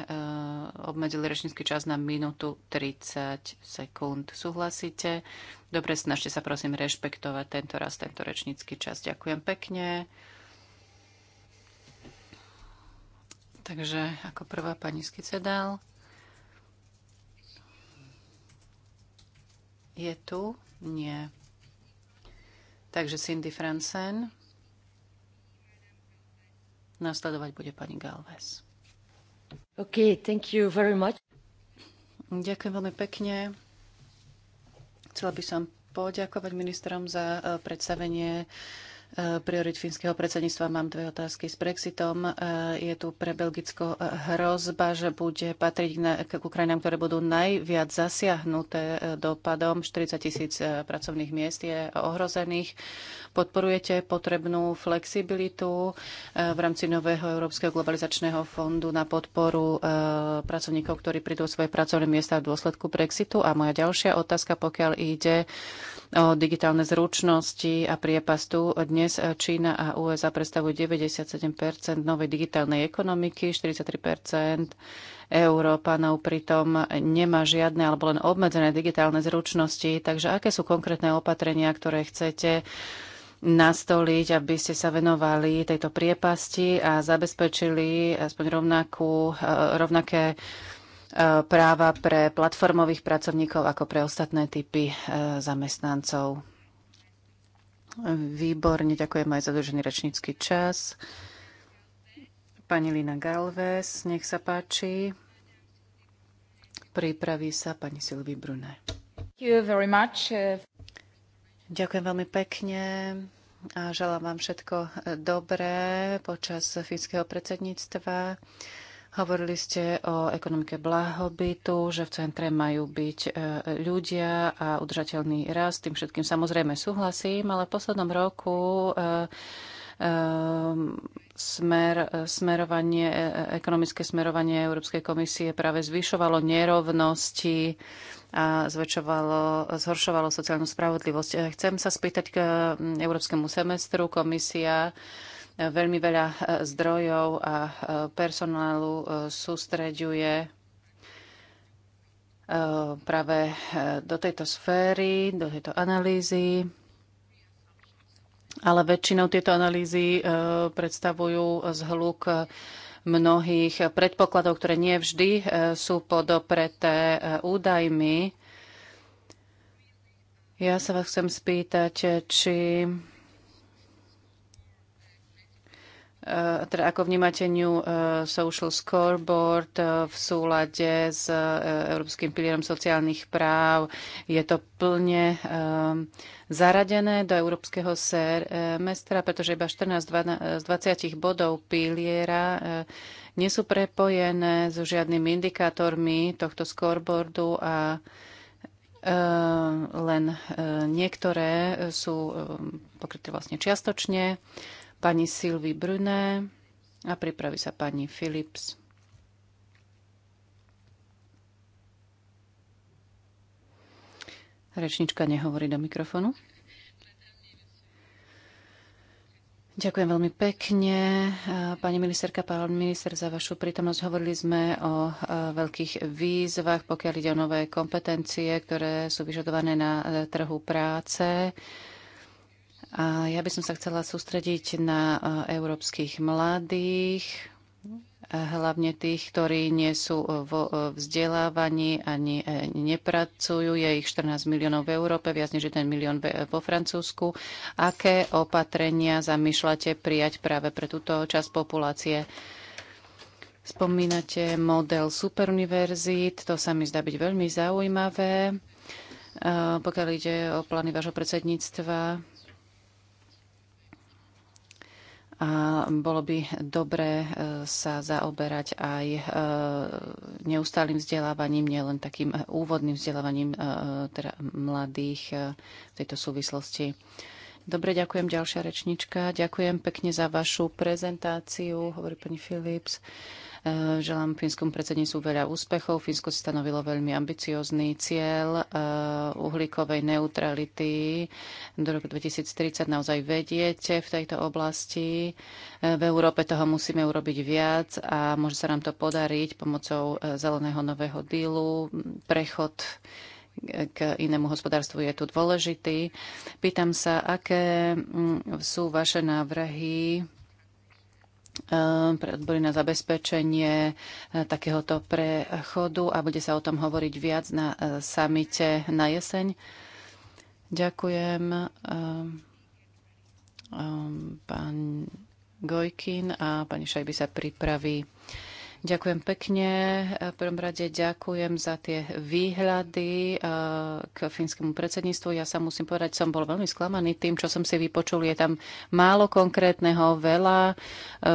Speaker 2: obmedzili rečnícky čas na minútu 30 sekúnd. Súhlasíte? Dobre, snažte sa prosím rešpektovať tento raz tento rečnícky čas. Ďakujem pekne. Takže ako prvá pani Skicedal. Je tu? Nie. Takže Cindy Fransen. Nasledovať bude pani Galvez. OK, thank you very much. Ďakujem veľmi pekne. Chcela by som poďakovať ministrom za eh, predstavenie uh, Eh, priorit fínskeho predsedníctva. Mám dve otázky s Brexitom. Eh, je tu pre Belgicko eh, hrozba, že bude patriť k Ukrajinám, ktoré budú najviac zasiahnuté dopadom. 40 tisíc pracovných miest je ohrozených. Podporujete potrebnú flexibilitu v rámci nového Európskeho globalizačného fondu na podporu pracovníkov, ktorí prídu svoje pracovné miesta v dôsledku Brexitu. A moja ďalšia otázka, pokiaľ ide o digitálne zručnosti a priepastu dnes dnes Čína a USA predstavujú 97 novej digitálnej ekonomiky, 43 Európanov pritom nemá žiadne alebo len obmedzené digitálne zručnosti. Takže aké sú konkrétne opatrenia, ktoré chcete nastoliť, aby ste sa venovali tejto priepasti a zabezpečili aspoň rovnakú, rovnaké e, práva pre platformových pracovníkov ako pre ostatné typy e, zamestnancov. Výborne, ďakujem aj za dožený rečnícky čas. Pani Lina Galvez, nech sa páči. Pripraví sa pani Silvi Brune. Uh, ďakujem veľmi pekne a želám vám všetko dobré počas fínskeho predsedníctva. Hovorili ste o ekonomike blahobytu, že v centre majú byť e, ľudia a udržateľný rast. Tým všetkým samozrejme súhlasím, ale v poslednom roku e, e, smer, smerovanie, ekonomické smerovanie Európskej komisie práve zvyšovalo nerovnosti a zväčšovalo, zhoršovalo sociálnu spravodlivosť. Chcem sa spýtať k Európskemu semestru. Komisia veľmi veľa e, zdrojov a e, personálu e, sústreďuje práve do tejto sféry, do tejto analýzy. Ale väčšinou tieto analýzy predstavujú zhluk mnohých predpokladov, ktoré nie vždy sú podopreté údajmi. Ja sa vás chcem spýtať, či Eh, teda ako vnímate New eh, Social Scoreboard eh, v súlade s Európskym pilierom sociálnych práv? Je to plne zaradené do Európskeho semestra, pretože iba 14 z 20 bodov piliera nie sú prepojené so žiadnymi indikátormi tohto scoreboardu a len niektoré sú pokryté vlastne čiastočne pani Sylvie Bruné a pripraví sa pani Philips. Rečnička nehovorí do mikrofonu. Ďakujem veľmi pekne. Pani ministerka, pán minister, za vašu prítomnosť. Hovorili sme o veľkých výzvach, pokiaľ ide o nové kompetencie, ktoré sú vyžadované na trhu práce. A ja by som sa chcela sústrediť na e, európskych mladých, hlavne tých, ktorí nie sú e, vo e, vzdelávaní ani nepracujú. Je ich 14 miliónov v Európe, viac než 1 milión vo Francúzsku. Aké opatrenia zamýšľate prijať práve pre túto časť populácie? Spomínate model superuniverzít, to sa mi zdá byť veľmi zaujímavé. Pokiaľ ide o plány vášho predsedníctva, A bolo by dobré e, sa zaoberať aj e, neustálým vzdelávaním, nielen takým e, úvodným vzdelávaním teda mladých v tejto súvislosti. Dobre, ďakujem ďalšia rečnička. Ďakujem pekne za vašu prezentáciu, hovorí pani Philips. Eh, želám fínskom predsedníctvu veľa úspechov. Fínsko si stanovilo veľmi ambiciózny cieľ eh, uhlíkovej neutrality do roku 2030. Naozaj vediete v tejto oblasti. Eh, v Európe toho musíme urobiť viac a môže sa nám to podariť pomocou zeleného nového dílu. Prechod k inému hospodárstvu je tu dôležitý. Pýtam sa, aké mm, sú vaše návrhy Eh, pre odbory na zabezpečenie eh, takéhoto prechodu a bude sa o tom hovoriť viac na eh, samite na jeseň. Ďakujem pán Gojkin a pani Šajby sa pripraví Ďakujem pekne. V prvom rade ďakujem za tie výhľady eh, k fínskemu predsedníctvu. Ja sa musím povedať, som bol veľmi sklamaný tým, čo som si vypočul. Je tam málo konkrétneho, veľa eh,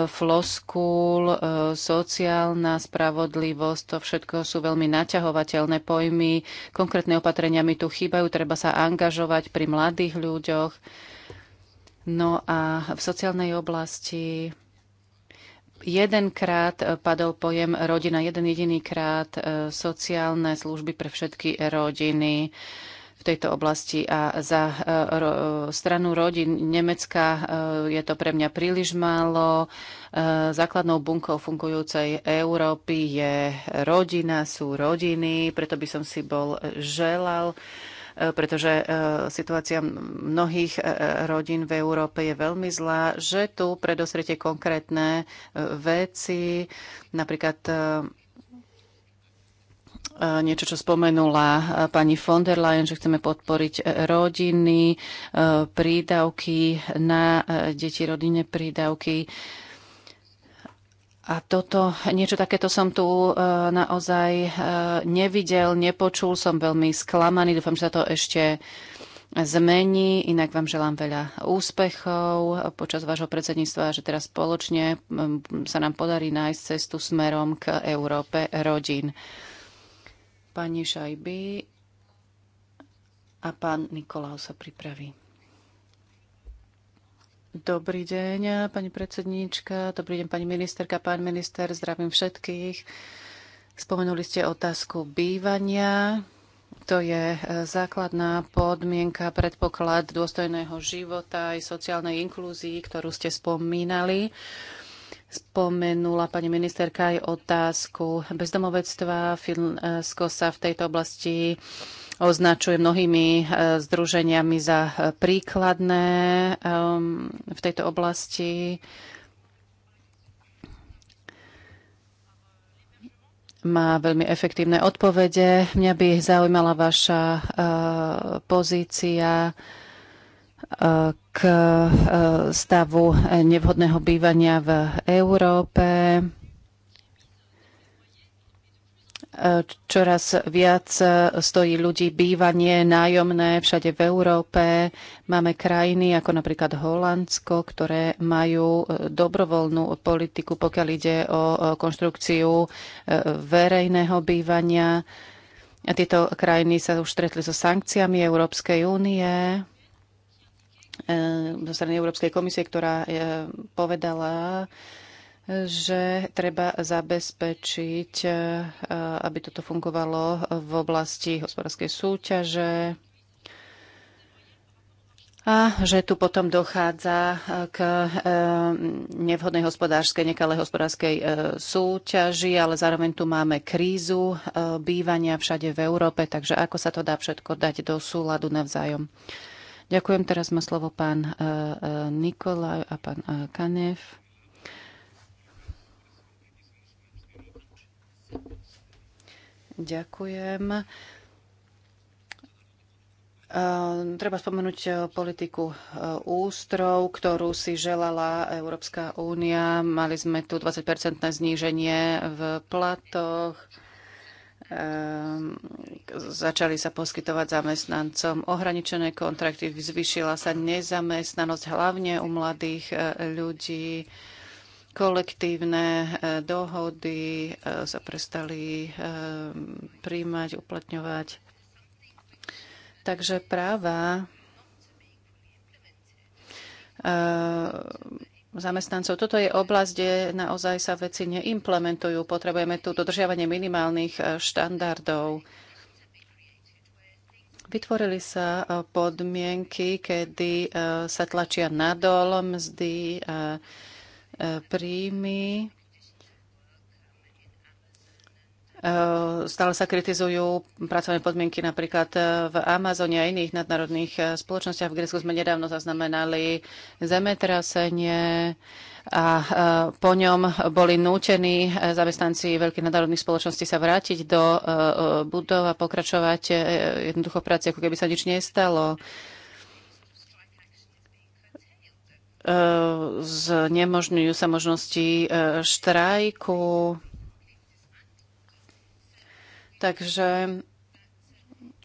Speaker 2: floskúl, eh, sociálna spravodlivosť, to všetko sú veľmi naťahovateľné pojmy. Konkrétne opatrenia mi tu chýbajú, treba sa angažovať pri mladých ľuďoch. No a v sociálnej oblasti Jedenkrát e, padol pojem rodina, jeden jediný krát e, sociálne služby pre všetky rodiny v tejto oblasti a za e, ro, stranu rodín Nemecka je to pre mňa príliš málo. Základnou bunkou fungujúcej Európy je rodina, sú rodiny, preto by som si bol želal, pretože e, situácia mnohých e, e, rodín v Európe je veľmi zlá, že tu predosrite konkrétne veci, napríklad niečo, čo spomenula pani von der Leyen, že chceme podporiť rodiny, prídavky na deti, rodine prídavky a toto, niečo takéto som tu e, naozaj e, nevidel, nepočul, som veľmi sklamaný. Dúfam, že sa to ešte zmení. Inak vám želám veľa úspechov počas vášho predsedníctva, že teraz spoločne sa nám podarí nájsť cestu smerom k Európe rodín. Pani Šajby a pán Nikolau sa pripraví. Dobrý deň, pani predsedníčka, dobrý deň, pani ministerka, pán minister, zdravím všetkých. Spomenuli ste otázku bývania. To je e, základná podmienka, predpoklad dôstojného života aj sociálnej inklúzii, ktorú ste spomínali. Spomenula pani ministerka aj otázku bezdomovectva. Finsko sa v tejto oblasti označuje mnohými e, združeniami za e, príkladné v tejto oblasti. má veľmi efektívne odpovede. Mňa by zaujímala vaša e, pozícia k stavu nevhodného bývania v Európe. Čoraz viac stojí ľudí bývanie, nájomné všade v Európe. Máme krajiny ako napríklad Holandsko, ktoré majú e, dobrovoľnú politiku, pokiaľ ide o e, konštrukciu e, verejného bývania. A tieto krajiny sa už stretli so sankciami Európskej únie zo strany Európskej komisie, ktorá povedala, že treba zabezpečiť, e, aby toto fungovalo v oblasti hospodárskej súťaže a že tu potom dochádza e, k e, nevhodnej hospodárskej, nekalej hospodárskej súťaži, ale zároveň tu máme krízu bývania všade v Európe, takže ako sa to dá všetko dať do súladu navzájom. Ďakujem, teraz má slovo pán Nikolaj a pán Kanev. Ďakujem. Treba spomenúť e, politiku e, ústrov, ktorú si želala Európska únia. Mali sme tu 20-percentné zníženie v platoch. Ehm, začali sa poskytovať zamestnancom ohraničené kontrakty, zvyšila sa nezamestnanosť hlavne u mladých e, ľudí kolektívne e, dohody e, sa prestali e, príjmať, uplatňovať. Takže práva zamestnancov. Toto je oblasť, kde naozaj sa veci neimplementujú. Potrebujeme tu dodržiavanie minimálnych štandardov. Vytvorili sa podmienky, kedy sa tlačia nadol mzdy a príjmy e, Stále sa kritizujú pracovné podmienky napríklad v Amazone a iných nadnárodných e, spoločnostiach. V Grécku sme nedávno zaznamenali zemetrasenie a e, po ňom boli nútení zamestnanci veľkých nadnárodných spoločností sa vrátiť do budov a pokračovať jednoducho práci, ako keby sa nič nestalo znemožňujú sa možnosti e, štrajku. Takže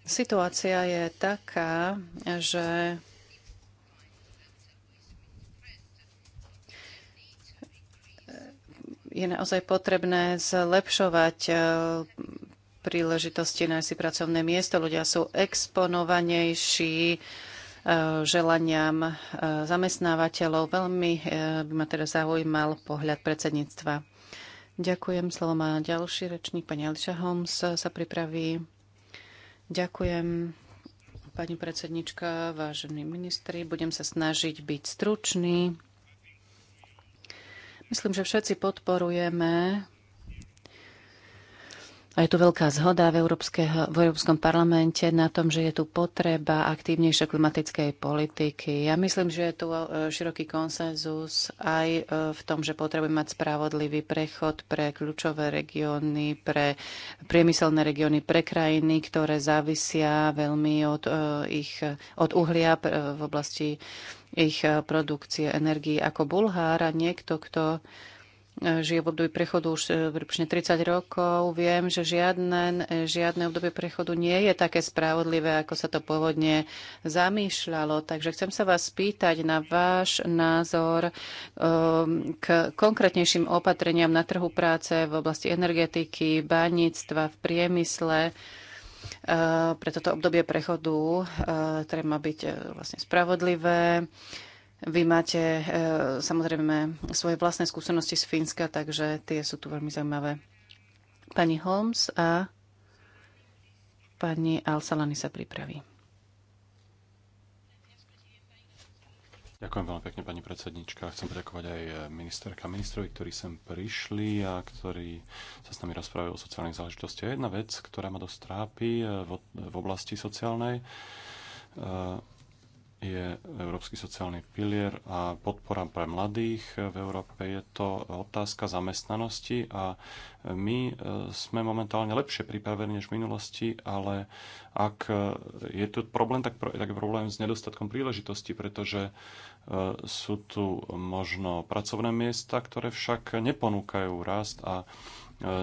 Speaker 2: situácia je taká, že je naozaj potrebné zlepšovať e, príležitosti nájsť si pracovné miesto. Ľudia sú exponovanejší, želaniam e, zamestnávateľov. Veľmi e, by ma teda zaujímal pohľad predsedníctva. Ďakujem. Slovo má ďalší rečník, pani Ališa Holmes sa pripraví. Ďakujem, pani predsednička, vážení ministri. Budem sa snažiť byť stručný. Myslím, že všetci podporujeme a je tu veľká zhoda v, v Európskom parlamente na tom, že je tu potreba aktívnejšej klimatickej politiky. Ja myslím, že je tu e, široký konsenzus aj e, v tom, že potrebujeme mať spravodlivý prechod pre kľúčové regióny, pre priemyselné regióny, pre krajiny, ktoré závisia veľmi od, e, ich, od uhlia v oblasti ich produkcie energii ako Bulhár a niekto, kto E, žije v období prechodu už e, približne 30 rokov. Viem, že žiadne, e, žiadne obdobie prechodu nie je také spravodlivé, ako sa to pôvodne zamýšľalo. Takže chcem sa vás spýtať na váš názor k konkrétnejším opatreniam na trhu práce v oblasti energetiky, baníctva, v priemysle. Pre toto obdobie prechodu treba byť vlastne spravodlivé vy máte e, samozrejme svoje vlastné skúsenosti z Fínska, takže tie sú tu veľmi zaujímavé. Pani Holmes a pani Alsalani sa pripraví.
Speaker 3: Ďakujem veľmi pekne, pani predsednička. Chcem poďakovať aj e, ministerka ministrovi, ktorí sem prišli a ktorí sa s nami rozprávajú o sociálnych záležitostiach. Jedna vec, ktorá ma dosť trápi e, v oblasti sociálnej, je Európsky sociálny pilier a podpora pre mladých. V Európe je to otázka zamestnanosti a my e, sme momentálne lepšie pripravení než v minulosti, ale ak e, je tu problém, tak, tak je problém s nedostatkom príležitosti, pretože e, sú tu možno pracovné miesta, ktoré však neponúkajú rast a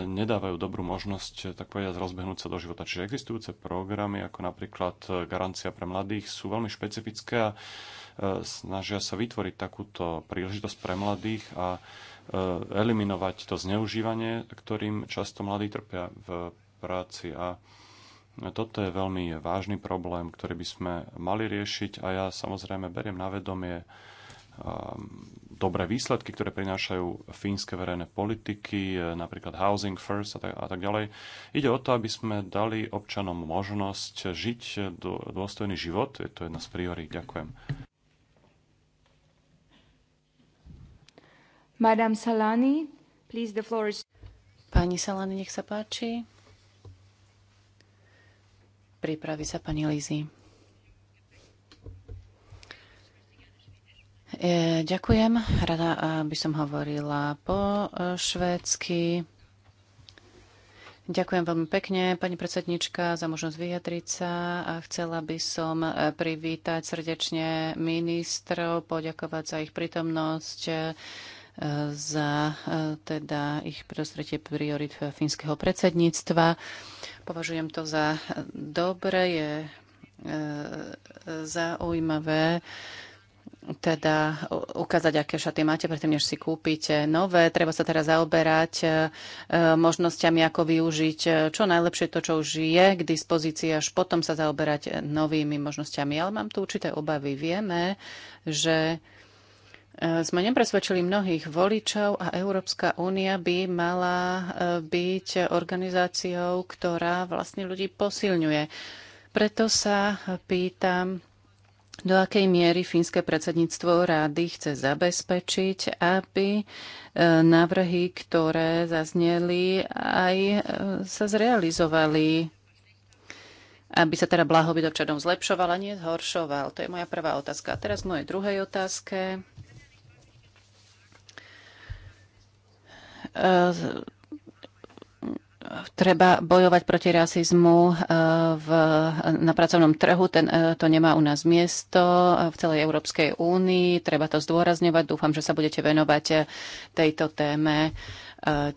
Speaker 3: nedávajú dobrú možnosť, tak povedať, rozbehnúť sa do života. Čiže existujúce programy, ako napríklad Garancia pre mladých, sú veľmi špecifické a e, snažia sa vytvoriť takúto príležitosť pre mladých a e, eliminovať to zneužívanie, ktorým často mladí trpia v práci. A toto je veľmi vážny problém, ktorý by sme mali riešiť a ja samozrejme beriem na vedomie Ehm, dobré výsledky, ktoré prinášajú fínske verejné politiky, e, napríklad Housing First a tak, a tak ďalej. Ide o to, aby sme dali občanom možnosť žiť dôstojný život. Je to jedna z priorít. Ďakujem.
Speaker 2: Madame Salani, please the floor is... Pani Salani, nech sa páči. Pripraví sa pani Lizy. E, ďakujem. Rada e, by som hovorila po e, švédsky. Ďakujem veľmi pekne, pani predsednička, za možnosť vyjadriť sa. A chcela by som privítať srdečne ministrov, poďakovať za ich prítomnosť, za teda ich prostredie priorit fínskeho predsedníctva. Považujem to za dobre, je zaujímavé, teda ukázať, aké šaty máte, predtým, než si kúpite nové. Treba sa teraz zaoberať e, možnosťami, ako využiť e, čo najlepšie to, čo už je k dispozícii, až potom sa zaoberať novými možnosťami. Ale mám tu určité obavy. Vieme, že e, sme nepresvedčili mnohých voličov a Európska únia by mala byť organizáciou, ktorá vlastne ľudí posilňuje. Preto sa pýtam, do akej miery fínske predsedníctvo rády chce zabezpečiť, aby e, návrhy, ktoré zazneli, aj e, sa zrealizovali, aby sa teda blahobyt občanov zlepšoval a nie zhoršoval. To je moja prvá otázka. A teraz k mojej druhej otázke e, treba bojovať proti rasizmu eh, v, na pracovnom trhu. Ten, eh, to nemá u nás miesto eh, v celej Európskej únii. Treba to zdôrazňovať. Dúfam, že sa budete venovať tejto téme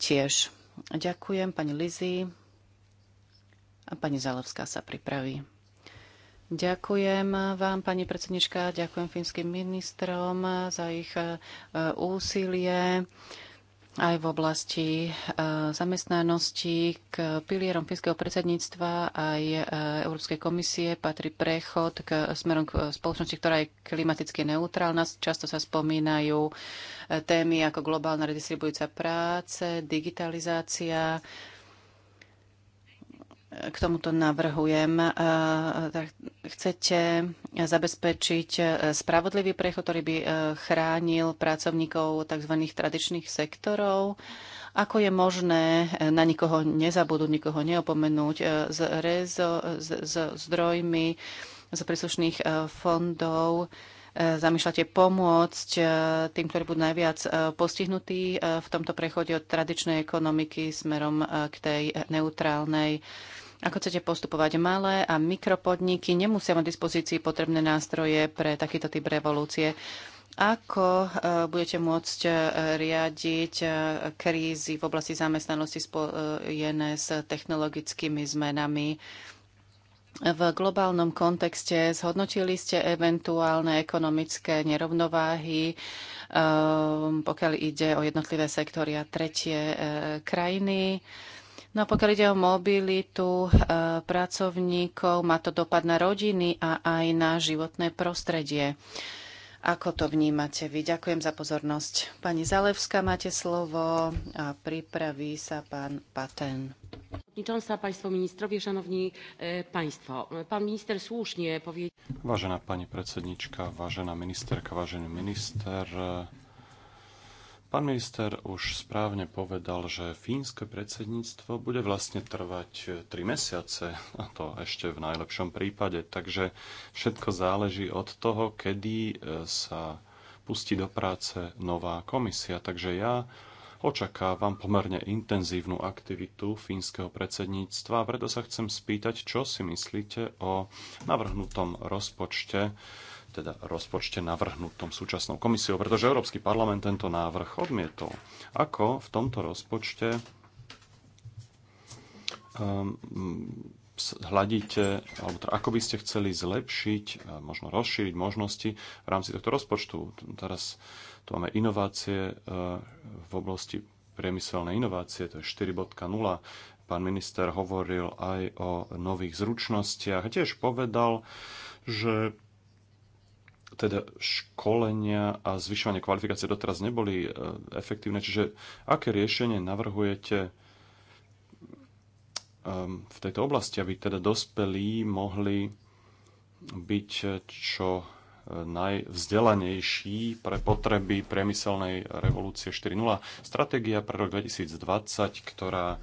Speaker 2: tiež. Ďakujem pani Lizy. A pani Zalovská sa pripraví. Ďakujem vám, pani predsednička, ďakujem fínskym ministrom za ich úsilie aj v oblasti e, zamestnanosti. K pilierom finského predsedníctva aj e, Európskej komisie patrí prechod k smerom k spoločnosti, ktorá je klimaticky neutrálna. Často sa spomínajú e, témy ako globálna redistribujúca práce, digitalizácia, k tomuto navrhujem. E, chcete zabezpečiť spravodlivý prechod, ktorý by e, chránil pracovníkov tzv. tradičných sektorov? Ako je možné e, na nikoho nezabudnúť, nikoho neopomenúť s, rezo, s, s zdrojmi z príslušných fondov? E, zamýšľate pomôcť e, tým, ktorí budú najviac e, postihnutí v tomto prechode od tradičnej ekonomiky smerom k tej neutrálnej? Ako chcete postupovať malé a mikropodniky? Nemusia mať dispozícii potrebné nástroje pre takýto typ revolúcie. Ako budete môcť riadiť krízy v oblasti zamestnanosti spojené s technologickými zmenami? v globálnom kontexte zhodnotili ste eventuálne ekonomické nerovnováhy, ehm, pokiaľ ide o jednotlivé sektory a tretie e, krajiny. No a pokiaľ ide o mobilitu e, pracovníkov, má to dopad na rodiny a aj na životné prostredie. Ako to vnímate vy? Ďakujem za pozornosť. Pani Zalevská, máte slovo a pripraví sa pán Paten.
Speaker 1: Przewodnicząca, Państwo Ministrowie, Szanowni e, Państwo. Pan minister słusznie powiedział.
Speaker 3: Vážená pani predsednička, vážená ministerka, vážený minister, Pán minister už správne povedal, že fínske predsedníctvo bude vlastne trvať 3 e, mesiace, a to ešte v najlepšom prípade, takže všetko záleží od toho, kedy e, sa pustí do práce nová komisia. Takže ja očakávam pomerne intenzívnu aktivitu fínskeho predsedníctva, preto sa chcem spýtať, čo si myslíte o navrhnutom rozpočte teda rozpočte navrhnutom súčasnou komisiou, pretože Európsky parlament tento návrh odmietol. Ako v tomto rozpočte ehm, hľadíte, alebo teda ako by ste chceli zlepšiť, e, možno rozšíriť možnosti v rámci tohto rozpočtu. Teraz tu máme inovácie e, v oblasti priemyselnej inovácie, to je 4.0. Pán minister hovoril aj o nových zručnostiach, tiež povedal, že teda školenia a zvyšovanie kvalifikácie doteraz neboli e, efektívne. Čiže aké riešenie navrhujete e, v tejto oblasti, aby teda dospelí mohli byť e, čo najvzdelanejší pre potreby priemyselnej revolúcie 4.0. Stratégia pre rok 2020, ktorá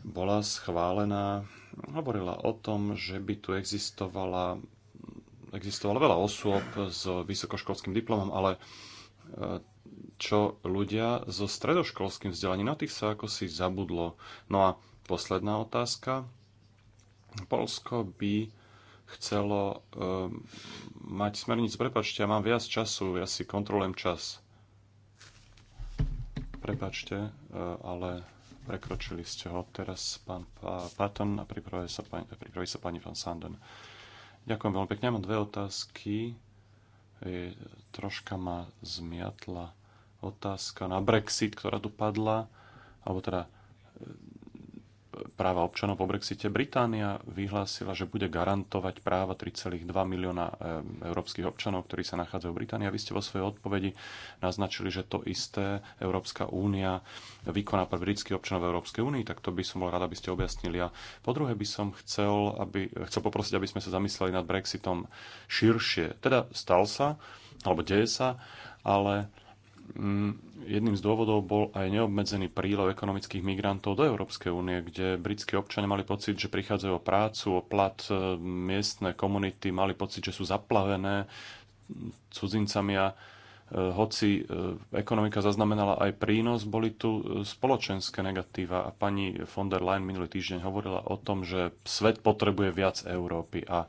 Speaker 3: bola schválená, hovorila o tom, že by tu existovala existovalo veľa osôb s vysokoškolským diplomom, ale e, čo ľudia so stredoškolským vzdelaním, na tých sa ako si zabudlo. No a posledná otázka. Polsko by chcelo um, mať smernicu. Prepačte, ja mám viac času, ja si kontrolujem čas. Prepačte, e, ale prekročili ste ho. Teraz pán Patton a pripraví sa pani, pripraví sa pani van Sanden. Ďakujem veľmi pekne. Mám dve otázky. Je, troška ma zmiatla otázka na Brexit, ktorá tu padla, alebo teda e, práva občanov po Brexite, Británia vyhlásila, že bude garantovať práva 3,2 milióna eh, európskych občanov, ktorí sa nachádzajú v Británii. A vy ste vo svojej odpovedi naznačili, že to isté Európska únia vykoná pre britských občanov v Európskej únii, tak to by som bol rád, aby ste objasnili. A po druhé by som chcel, aby, chcel poprosiť, aby sme sa zamysleli nad Brexitom širšie. Teda stal sa, alebo deje sa, ale Mm, jedným z dôvodov bol aj neobmedzený prílev ekonomických migrantov do Európskej únie, kde britskí občania mali pocit, že prichádzajú o prácu, o plat, e, miestne komunity mali pocit, že sú zaplavené cudzincami a e, hoci e, ekonomika zaznamenala aj prínos, boli tu spoločenské negatíva a pani von der Leyen minulý týždeň hovorila o tom, že svet potrebuje viac Európy a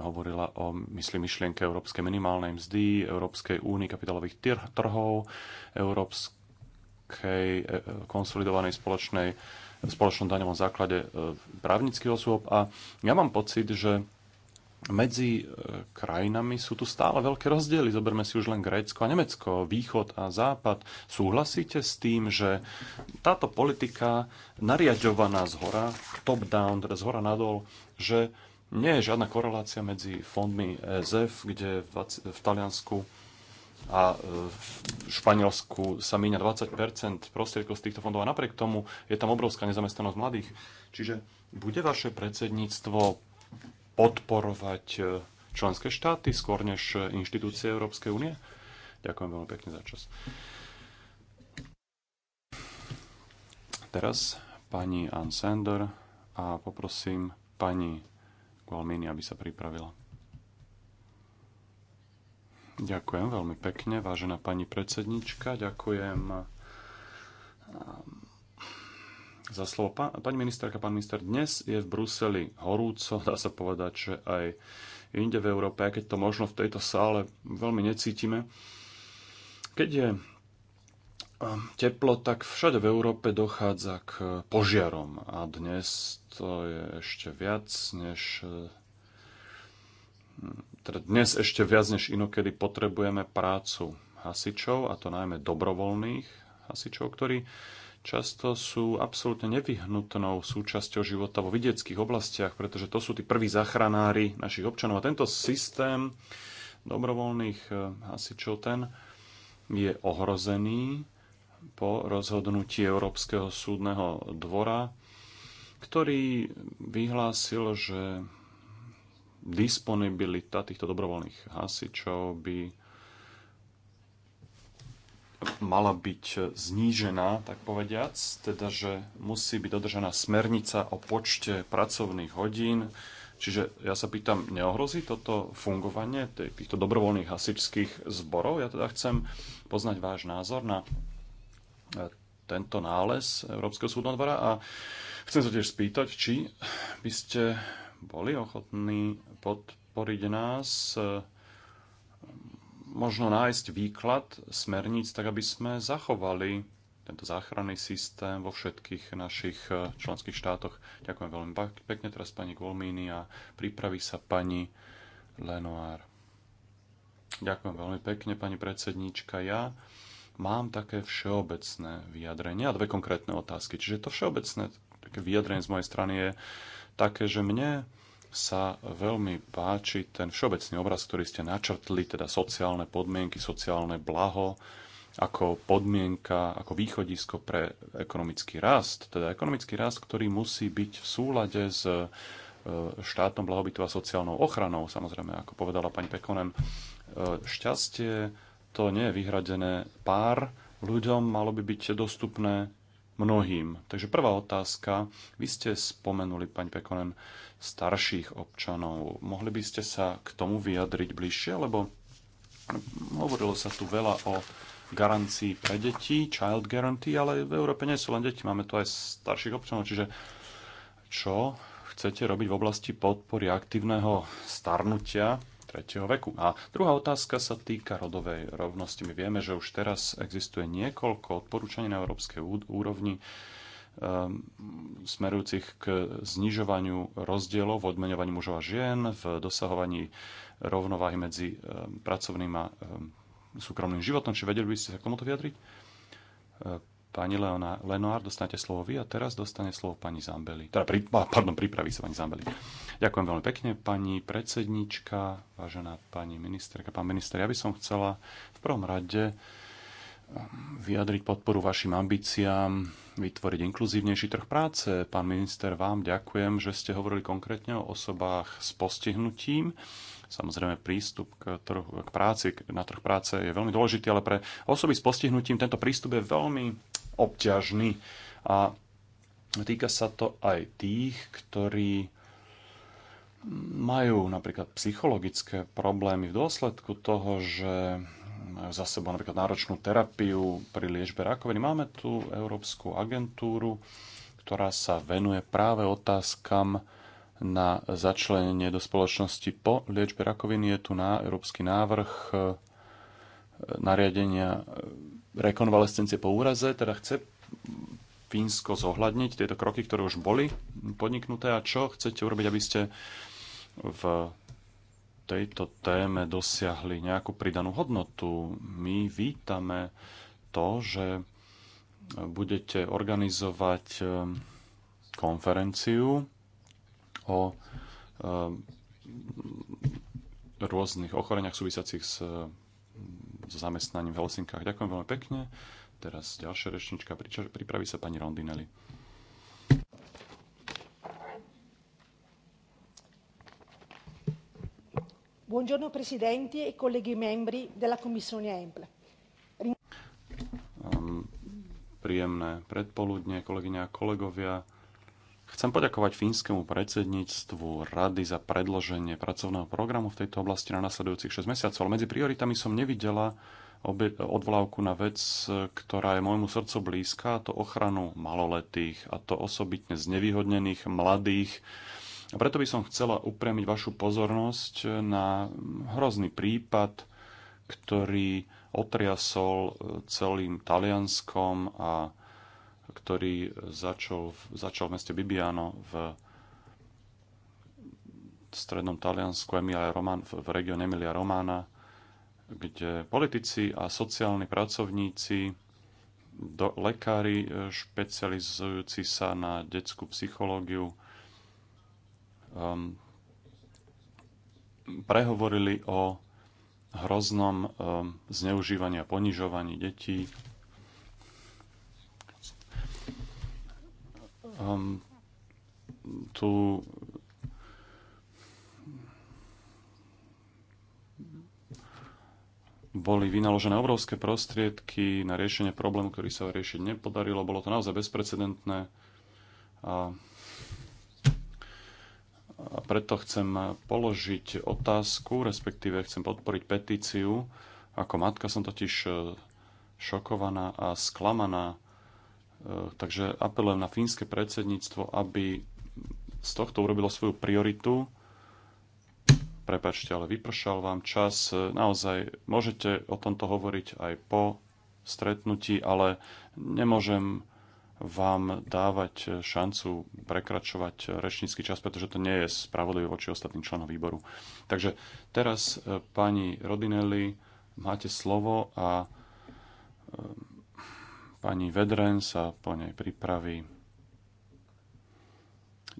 Speaker 3: hovorila o myslím, myšlienke európskej minimálnej mzdy, Európskej únii kapitálových trhov, Európskej e, e, konsolidovanej spoločnej, spoločnom daňovom základe e, právnických osôb. A ja mám pocit, že medzi krajinami sú tu stále veľké rozdiely. Zoberme si už len Grécko a Nemecko, východ a západ. Súhlasíte s tým, že táto politika nariadovaná z hora, top-down, teda z hora nadol, že nie je žiadna korelácia medzi fondmi ESF, kde v, v Taliansku a e, v Španielsku sa míňa 20 prostriedkov z týchto fondov a napriek tomu je tam obrovská nezamestnanosť mladých. Čiže bude vaše predsedníctvo podporovať e, členské štáty skôr než inštitúcie Európskej únie? Ďakujem veľmi pekne za čas. Teraz pani Ann Sander a poprosím pani Gualmini, aby sa pripravila. Ďakujem veľmi pekne, vážená pani predsednička. Ďakujem um, za slovo. Pani ministerka, pán minister, dnes je v Bruseli horúco, dá sa povedať, že aj inde v Európe, keď to možno v tejto sále veľmi necítime. Keď je teplo, tak všade v Európe dochádza k požiarom a dnes to je ešte viac než e, teda dnes ešte viac než inokedy potrebujeme prácu hasičov, a to najmä dobrovoľných hasičov, ktorí často sú absolútne nevyhnutnou súčasťou života vo vidieckých oblastiach, pretože to sú tí prví zachranári našich občanov. A tento systém dobrovoľných e, hasičov, ten je ohrozený po rozhodnutí Európskeho súdneho dvora, ktorý vyhlásil, že disponibilita týchto dobrovoľných hasičov by mala byť znížená, tak povediac, teda, že musí byť dodržaná smernica o počte pracovných hodín. Čiže ja sa pýtam, neohrozí toto fungovanie týchto dobrovoľných hasičských zborov? Ja teda chcem poznať váš názor na tento nález Európskeho súdneho dvora a chcem sa tiež spýtať, či by ste boli ochotní podporiť nás eh, možno nájsť výklad smerníc, tak aby sme zachovali tento záchranný systém vo všetkých našich eh, členských štátoch. Ďakujem veľmi pekne teraz pani Gulmíny a pripraví sa pani Lenoir. Ďakujem veľmi pekne, pani predsedníčka. Ja mám také všeobecné vyjadrenie a dve konkrétne otázky. Čiže to všeobecné také vyjadrenie z mojej strany je také, že mne sa veľmi páči ten všeobecný obraz, ktorý ste načrtli, teda sociálne podmienky, sociálne blaho, ako podmienka, ako východisko pre ekonomický rast. Teda ekonomický rast, ktorý musí byť v súlade s e, štátnom blahobytu a sociálnou ochranou. Samozrejme, ako povedala pani Pekonen, e, šťastie to nie je vyhradené pár ľuďom, malo by byť dostupné mnohým. Takže prvá otázka. Vy ste spomenuli, pani Pekonen, starších občanov. Mohli by ste sa k tomu vyjadriť bližšie, lebo hovorilo sa tu veľa o garancii pre deti, child guarantee, ale v Európe nie sú len deti, máme tu aj starších občanov, čiže čo chcete robiť v oblasti podpory aktívneho starnutia veku. A druhá otázka sa týka rodovej rovnosti. My vieme, že už teraz existuje niekoľko odporúčaní na európskej úrovni um, smerujúcich k znižovaniu rozdielov v odmeňovaní mužov a žien, v dosahovaní rovnováhy medzi um, pracovným a um, súkromným životom. Či vedeli by ste sa k tomuto vyjadriť? Uh, Pani Leona, Lenoir, dostanete slovo vy a teraz dostane slovo pani Zambeli. Teda, pri, pardon, pripraví sa pani Zambeli. Ďakujem veľmi pekne, pani predsednička, vážená pani ministerka, pán minister. Ja by som chcela v prvom rade um, vyjadriť podporu vašim ambíciám vytvoriť inkluzívnejší trh práce. Pán minister, vám ďakujem, že ste hovorili konkrétne o osobách s postihnutím. Samozrejme, prístup k, trhu, k práci, na trh práce je veľmi dôležitý, ale pre osoby s postihnutím tento prístup je veľmi obťažný. A týka sa to aj tých, ktorí majú napríklad psychologické problémy v dôsledku toho, že majú za sebou napríklad náročnú terapiu pri liečbe rakoviny. Máme tu Európsku agentúru, ktorá sa venuje práve otázkam na začlenenie do spoločnosti po liečbe rakoviny. Je tu na európsky návrh nariadenia e, rekonvalescencie po úraze, teda chce Fínsko zohľadniť tieto kroky, ktoré už boli podniknuté a čo chcete urobiť, aby ste v tejto téme dosiahli nejakú pridanú hodnotu. My vítame to, že budete organizovať e, konferenciu o e, rôznych ochoreniach súvisiacich s so zamestnaním v Helsinkách. Ďakujem veľmi pekne. Teraz ďalšia rečnička, pripraví sa pani Rondinelli.
Speaker 2: Buongiorno presidenti e colleghi membri della Commissione EMPL.
Speaker 3: Ehm, príjemné predpoludne, kolegyňa a kolegovia. Chcem poďakovať fínskemu predsedníctvu Rady za predloženie pracovného programu v tejto oblasti na nasledujúcich 6 mesiacov, ale medzi prioritami som nevidela odvolávku na vec, ktorá je môjmu srdcu blízka, a to ochranu maloletých a to osobitne znevýhodnených mladých. A preto by som chcela upriamiť vašu pozornosť na hrozný prípad, ktorý otriasol celým Talianskom a ktorý začal, začal v meste Bibiano v strednom Taliansku Emilia Roman, v regióne Emilia Romána, kde politici a sociálni pracovníci, do, lekári e, špecializujúci sa na detskú psychológiu, um, prehovorili o hroznom um, zneužívaní a ponižovaní detí um, tu boli vynaložené obrovské prostriedky na riešenie problému, ktorý sa riešiť nepodarilo. Bolo to naozaj bezprecedentné. A a preto chcem položiť otázku, respektíve chcem podporiť petíciu. Ako matka som totiž eh, šokovaná a sklamaná Eh, takže apelujem na fínske predsedníctvo, aby z tohto urobilo svoju prioritu. Prepačte, ale vypršal vám čas. Eh, naozaj môžete o tomto hovoriť aj po stretnutí, ale nemôžem vám dávať eh, šancu prekračovať rečnícky čas, pretože to nie je spravodlivé voči ostatným členom výboru. Takže teraz, pani Rodinelli, máte slovo a Pani Vedren sa po nej pripraví.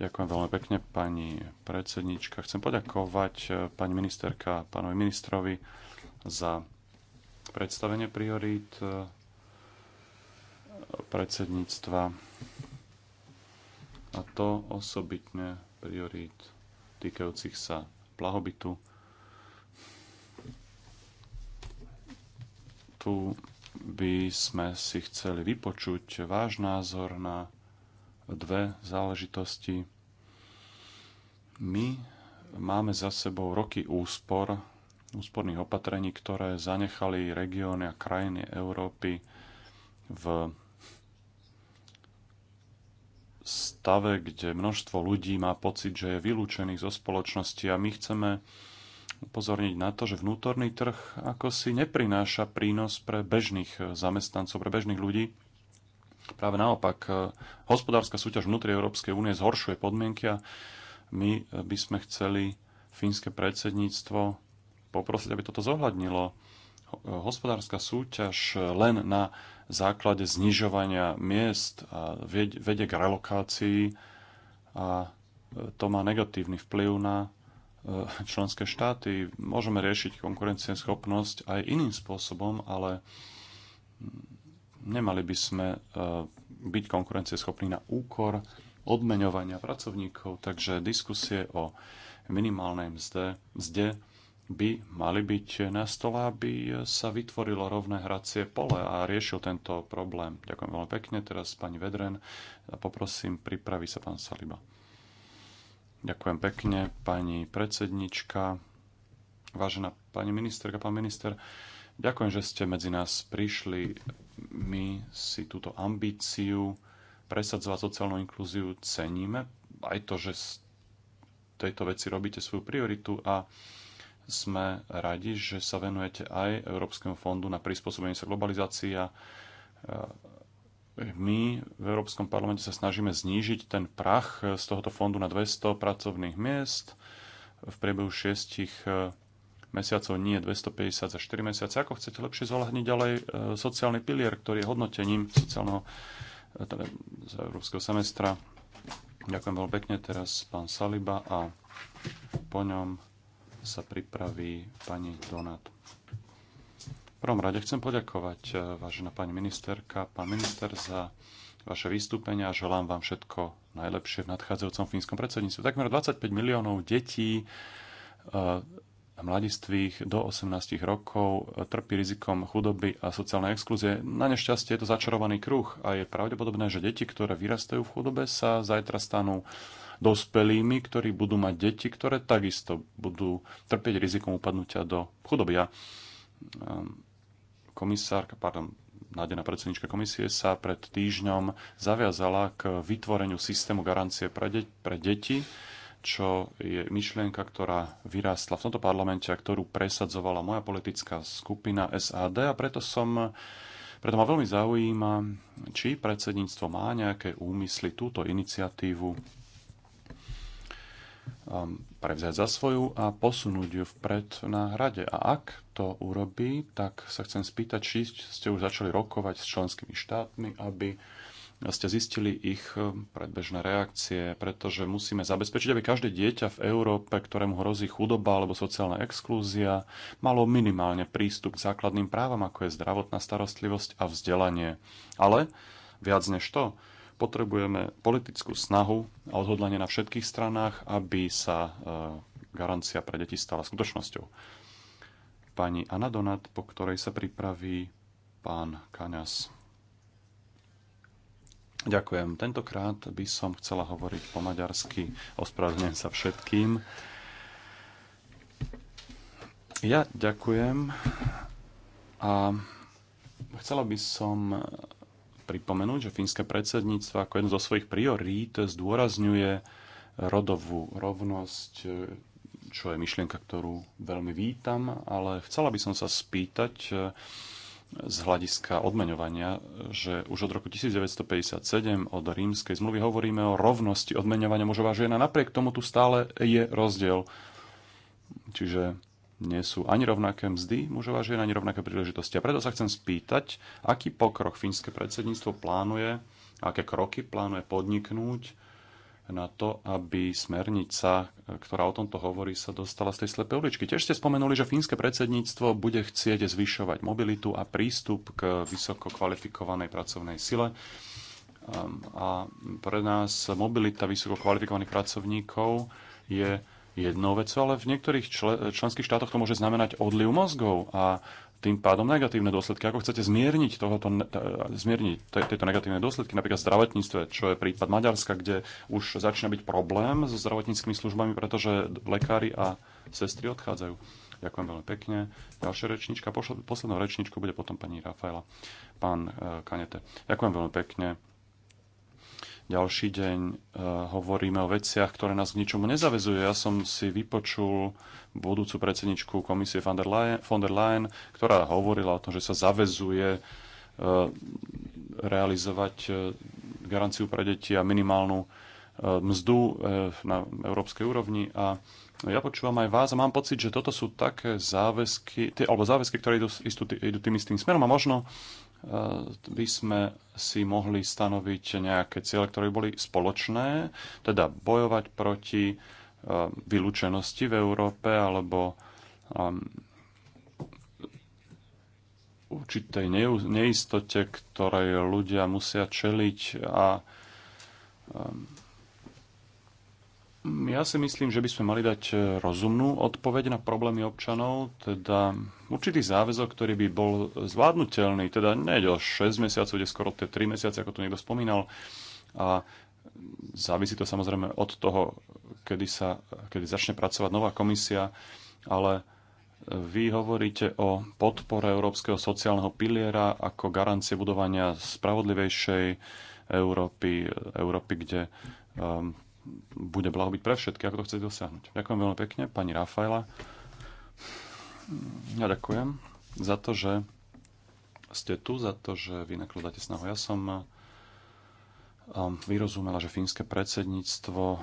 Speaker 3: Ďakujem veľmi pekne, pani predsednička. Chcem poďakovať eh, pani ministerka, pánovi ministrovi za predstavenie priorít eh, predsedníctva a to osobitne priorít týkajúcich sa blahobytu. Tu by sme si chceli vypočuť váš názor na dve záležitosti. My máme za sebou roky úspor, úsporných opatrení, ktoré zanechali regióny a krajiny Európy v stave, kde množstvo ľudí má pocit, že je vylúčených zo spoločnosti a my chceme upozorniť na to, že vnútorný trh ako si neprináša prínos pre bežných zamestnancov, pre bežných ľudí. Práve naopak, e, hospodárska súťaž vnútri Európskej únie zhoršuje podmienky a my e, by sme chceli fínske predsedníctvo poprosiť, aby toto zohľadnilo. E, hospodárska súťaž len na základe znižovania miest a vedie k relokácii a to má negatívny vplyv na E, členské štáty. Môžeme riešiť konkurencieschopnosť aj iným spôsobom, ale nemali by sme e, byť konkurencieschopní na úkor odmeňovania pracovníkov, takže diskusie o minimálnej mzde, mzde by mali byť na stole, aby sa vytvorilo rovné hracie pole a riešil tento problém. Ďakujem veľmi pekne. Teraz pani Vedren a poprosím, pripraví sa pán Saliba. Ďakujem pekne, pani predsednička, vážená pani ministerka, pán minister. Ďakujem, že ste medzi nás prišli. My si túto ambíciu presadzovať sociálnu inklúziu ceníme. Aj to, že z tejto veci robíte svoju prioritu a sme radi, že sa venujete aj Európskemu fondu na prispôsobenie sa globalizácii a e, my v Európskom parlamente sa snažíme znížiť ten prach eh, z tohoto fondu na 200 pracovných miest v priebehu 6 eh, mesiacov, nie 250 za 4 mesiace. Ako chcete lepšie zohľadniť ďalej eh, sociálny pilier, ktorý je hodnotením sociálneho teda z európskeho semestra. Ďakujem veľmi pekne teraz pán Saliba a po ňom sa pripraví pani Donat prvom rade chcem poďakovať, e, vážená pani ministerka, pán minister, za vaše vystúpenia a želám vám všetko najlepšie v nadchádzajúcom fínskom predsedníctve. Takmer 25 miliónov detí e, mladistvých do 18 rokov e, trpí rizikom chudoby a sociálnej exkluzie. Na nešťastie je to začarovaný kruh a je pravdepodobné, že deti, ktoré vyrastajú v chudobe, sa zajtra stanú dospelými, ktorí budú mať deti, ktoré takisto budú trpieť rizikom upadnutia do chudoby. A ehm, komisárka, pardon, nádená predsednička komisie sa pred týždňom zaviazala k vytvoreniu systému garancie pre, de- pre deti, čo je myšlienka, ktorá vyrástla v tomto parlamente a ktorú presadzovala moja politická skupina SAD a preto som preto ma veľmi zaujíma, či predsedníctvo má nejaké úmysly túto iniciatívu Um, prevziať za svoju a posunúť ju vpred na hrade. A ak to urobí, tak sa chcem spýtať, či ste už začali rokovať s členskými štátmi, aby ste zistili ich um, predbežné reakcie, pretože musíme zabezpečiť, aby každé dieťa v Európe, ktorému hrozí chudoba alebo sociálna exklúzia, malo minimálne prístup k základným právam, ako je zdravotná starostlivosť a vzdelanie. Ale viac než to, Potrebujeme politickú snahu a odhodlanie na všetkých stranách, aby sa e, garancia pre deti stala skutočnosťou. Pani Anna Donat, po ktorej sa pripraví pán Kaňas. Ďakujem. Tentokrát by som chcela hovoriť po maďarsky. Ospravedlňujem sa všetkým. Ja ďakujem a chcela by som pripomenúť, že fínske predsedníctvo ako jedno zo svojich priorít zdôrazňuje rodovú rovnosť, e, čo je myšlienka, ktorú veľmi vítam, ale chcela by som sa spýtať e, z hľadiska odmeňovania, že už od roku 1957 od rímskej zmluvy hovoríme o rovnosti odmeňovania mužov a žien a napriek tomu tu stále je rozdiel. Čiže nie sú ani rovnaké mzdy mužov a žien, ani rovnaké príležitosti. A preto sa chcem spýtať, aký pokrok fínske predsedníctvo plánuje, aké kroky plánuje podniknúť na to, aby smernica, ktorá o tomto hovorí, sa dostala z tej slepej uličky. Tiež ste spomenuli, že fínske predsedníctvo bude chcieť zvyšovať mobilitu a prístup k vysoko kvalifikovanej pracovnej sile. Um, a pre nás mobilita vysoko kvalifikovaných pracovníkov je jednou vecou, ale v niektorých čl- členských štátoch to môže znamenať odliv mozgov a tým pádom negatívne dôsledky. Ako chcete zmierniť, tohoto, zmierniť tieto negatívne dôsledky, napríklad v zdravotníctve, čo je prípad Maďarska, kde už začína byť problém so zdravotníckými službami, pretože lekári a sestry odchádzajú. Ďakujem veľmi pekne. Ďalšia rečnička, poslednou rečničku bude potom pani Rafaela, pán e, Kanete. Ďakujem veľmi pekne ďalší deň e, hovoríme o veciach, ktoré nás k ničomu nezavezujú. Ja som si vypočul budúcu predsedničku komisie von der Leyen, von der Leyen ktorá hovorila o tom, že sa zavezuje e, realizovať e, garanciu pre deti a minimálnu mzdu na európskej úrovni. A ja počúvam aj vás a mám pocit, že toto sú také záväzky, tie, alebo záväzky, ktoré idú, istú, idú tým istým smerom a možno by sme si mohli stanoviť nejaké ciele, ktoré boli spoločné, teda bojovať proti eh, vylúčenosti v Európe alebo ehm, určitej neistote, ktorej ľudia musia čeliť a ehm, ja si myslím, že by sme mali dať e, rozumnú odpoveď na problémy občanov, teda určitý záväzok, ktorý by bol zvládnutelný, teda nejde o 6 mesiacov, ide skoro tie 3 mesiace, ako tu niekto spomínal. A závisí to samozrejme od toho, kedy, sa, kedy začne pracovať nová komisia, ale e, vy hovoríte o podpore Európskeho sociálneho piliera ako garancie budovania spravodlivejšej Európy, Európy, kde um, bude blahobyt pre všetky, ako to chcete dosiahnuť. Ďakujem veľmi pekne, pani Rafaela. Ja ďakujem za to, že ste tu, za to, že vy nakladáte snahu. Ja som eh, um, vyrozumela, že fínske predsedníctvo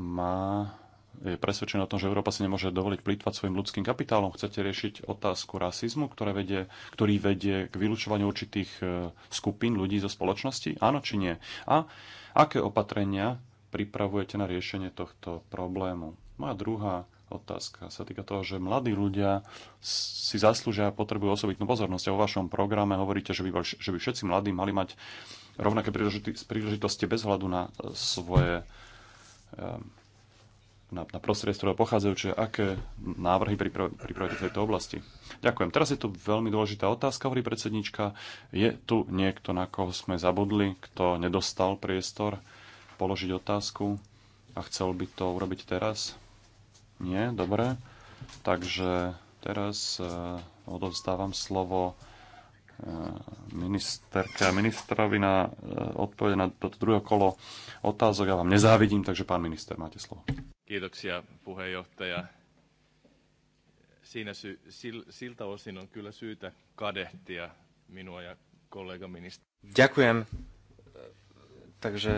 Speaker 3: má je presvedčené o tom, že Európa si nemôže dovoliť plýtvať svojim ľudským kapitálom. Chcete riešiť otázku rasizmu, ktoré vedie, ktorý vedie k vylúčovaniu určitých eh, skupín ľudí zo spoločnosti? Áno či nie? A aké opatrenia pripravujete na riešenie tohto problému? Moja druhá otázka sa týka toho, že mladí ľudia si zaslúžia a potrebujú osobitnú pozornosť. A vo vašom programe hovoríte, že by, že by všetci mladí mali mať rovnaké príležitosti bez hľadu na svoje ehm, na, na prostredie, z ktorého pochádzajú, čiže aké návrhy pripravíte v tejto oblasti. Ďakujem. Teraz je tu veľmi dôležitá otázka, hovorí predsednička. Je tu niekto, na koho sme zabudli, kto nedostal priestor? položiť otázku a chcel by to urobiť teraz? Nie? Dobre. Takže teraz e, odovzdávam slovo e, ministerke a ministrovi na e, odpovede na toto druhé kolo otázok. Ja vám nezávidím, takže pán minister, máte slovo. Kiitoksia puheenjohtaja. Siinä sy, sil, siltä osin on kyllä syytä kadehtia minua ja kollega ministeri.
Speaker 1: Ďakujem. Takže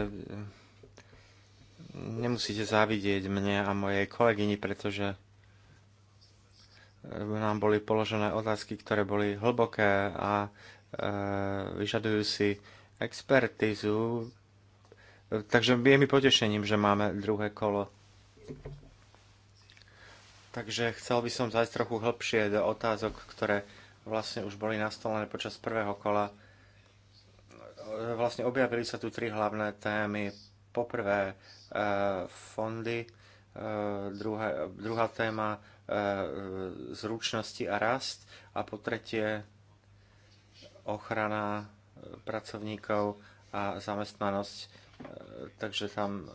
Speaker 1: nemusíte závidieť mne a mojej kolegyni, pretože eh, nám boli položené otázky, ktoré boli hlboké a e, vyžadujú si expertizu. Takže je mi potešením, že máme druhé kolo. Takže chcel by som zajsť trochu hlbšie do otázok, ktoré vlastne už boli nastolené počas prvého kola. Vlastne objavili sa tu tri hlavné témy Poprvé e, fondy, e, druhá, druhá téma e, zručnosti a rast a po tretie ochrana pracovníkov a zamestnanosť. Takže tam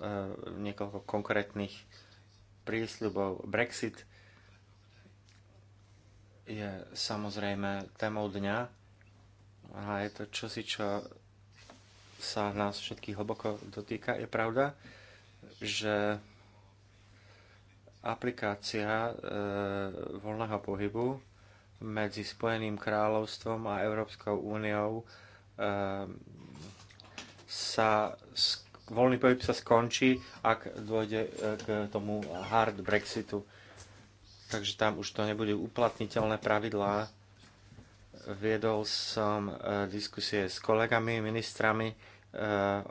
Speaker 1: niekoľko konkrétnych prísľubov. Brexit je samozrejme témou dňa a je to čosi, čo sa nás všetkých hlboko dotýka. Je pravda, že aplikácia e, voľného pohybu medzi Spojeným kráľovstvom a Európskou úniou e, sa voľný pohyb sa skončí, ak dôjde e, k tomu hard Brexitu. Takže tam už to nebudú uplatniteľné pravidlá Viedol som e, diskusie s kolegami, ministrami e,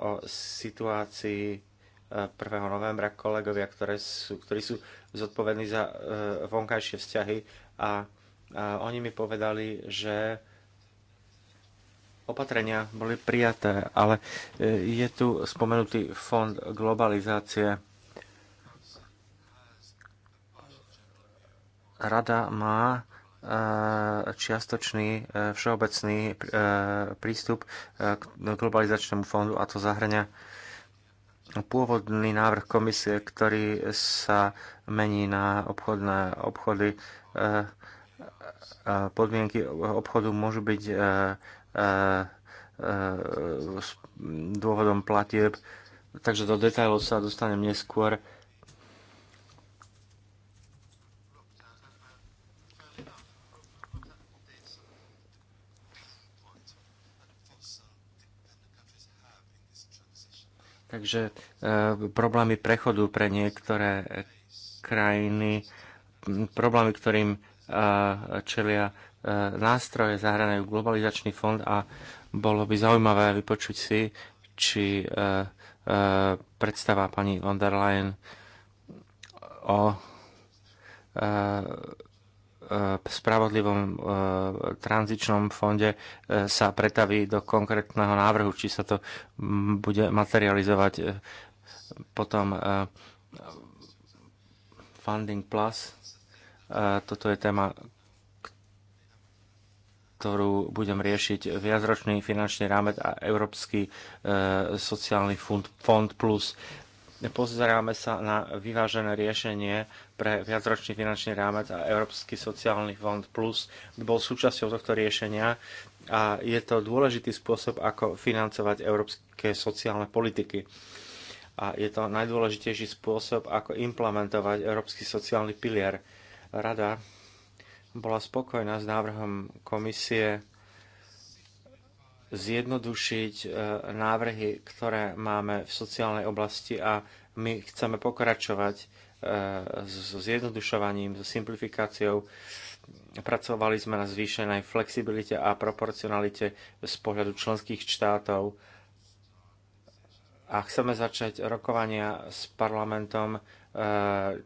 Speaker 1: o situácii 1. E, novembra kolegovia, ktoré sú, ktorí sú zodpovední za vonkajšie vzťahy a, a oni mi povedali, že opatrenia boli prijaté, ale je tu spomenutý fond globalizácie. Rada má čiastočný e, všeobecný e, prístup e, k globalizačnému fondu a to zahrňa pôvodný návrh komisie, ktorý sa mení na obchodné obchody. Podmienky obchodu môžu byť dôvodom platieb, takže do detailov sa dostanem neskôr. Takže e, problémy prechodu pre niektoré krajiny, problémy, ktorým e, čelia e, nástroje zahrané globalizačný fond a bolo by zaujímavé vypočuť si, či e, e, predstava pani von der Leyen o e, spravodlivom e, tranzičnom fonde e, sa pretaví do konkrétneho návrhu, či sa to bude materializovať e, potom Funding Plus. Toto je téma, ktorú budem riešiť viacročný finančný rámec a Európsky e, sociálny fond, fond plus. Pozeráme sa na vyvážené riešenie pre viacročný finančný rámec a Európsky sociálny fond plus bol súčasťou tohto riešenia a je to dôležitý spôsob, ako financovať európske sociálne politiky. A je to najdôležitejší spôsob, ako implementovať Európsky sociálny pilier. Rada bola spokojná s návrhom komisie zjednodušiť e, návrhy, ktoré máme v sociálnej oblasti a my chceme pokračovať e, s zjednodušovaním, s simplifikáciou. Pracovali sme na zvýšenej flexibilite a proporcionalite z pohľadu členských štátov a chceme začať rokovania s parlamentom e,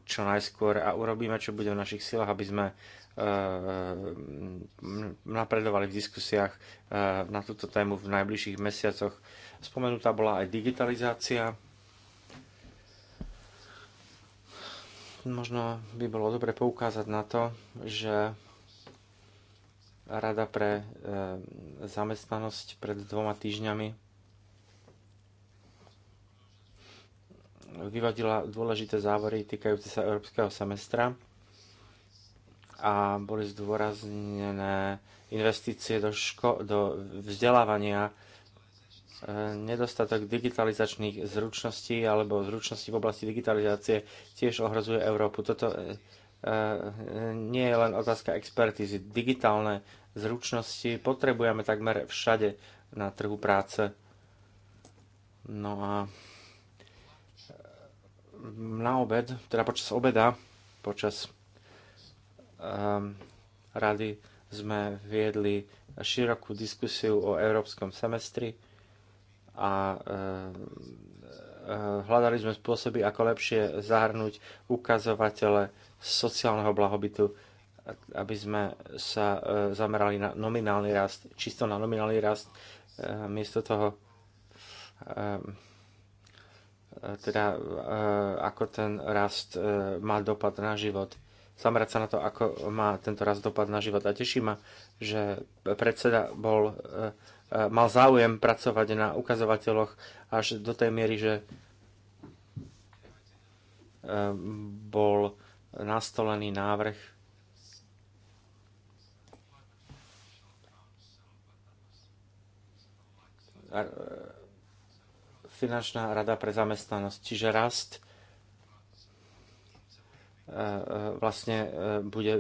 Speaker 1: čo najskôr a urobíme, čo bude v našich silách, aby sme Eh, napredovali v diskusiách eh, na túto tému v najbližších mesiacoch. Spomenutá bola aj digitalizácia. Možno by bolo dobre poukázať na to, že Rada pre eh, zamestnanosť pred dvoma týždňami vyvadila dôležité závory týkajúce sa európskeho semestra a boli zdôraznené investície do, ško- do vzdelávania, e, nedostatok digitalizačných zručností alebo zručností v oblasti digitalizácie tiež ohrozuje Európu. Toto e, e, nie je len otázka expertízy. Digitálne zručnosti potrebujeme takmer všade na trhu práce. No a na obed, teda počas obeda, počas Ehm, rady sme viedli širokú diskusiu o európskom semestri a ehm, ehm, hľadali sme spôsoby, ako lepšie zahrnúť ukazovatele sociálneho blahobytu, aby sme sa zamerali na nominálny rast, čisto na nominálny rast, miesto toho e, teda e, ako ten rast e, má dopad na život zamerať sa na to, ako má tento raz dopad na život. A teší ma, že predseda bol, e, e, mal záujem pracovať na ukazovateľoch až do tej miery, že e, bol nastolený návrh finančná rada pre zamestnanosť, čiže rast E, e, vlastne e, bude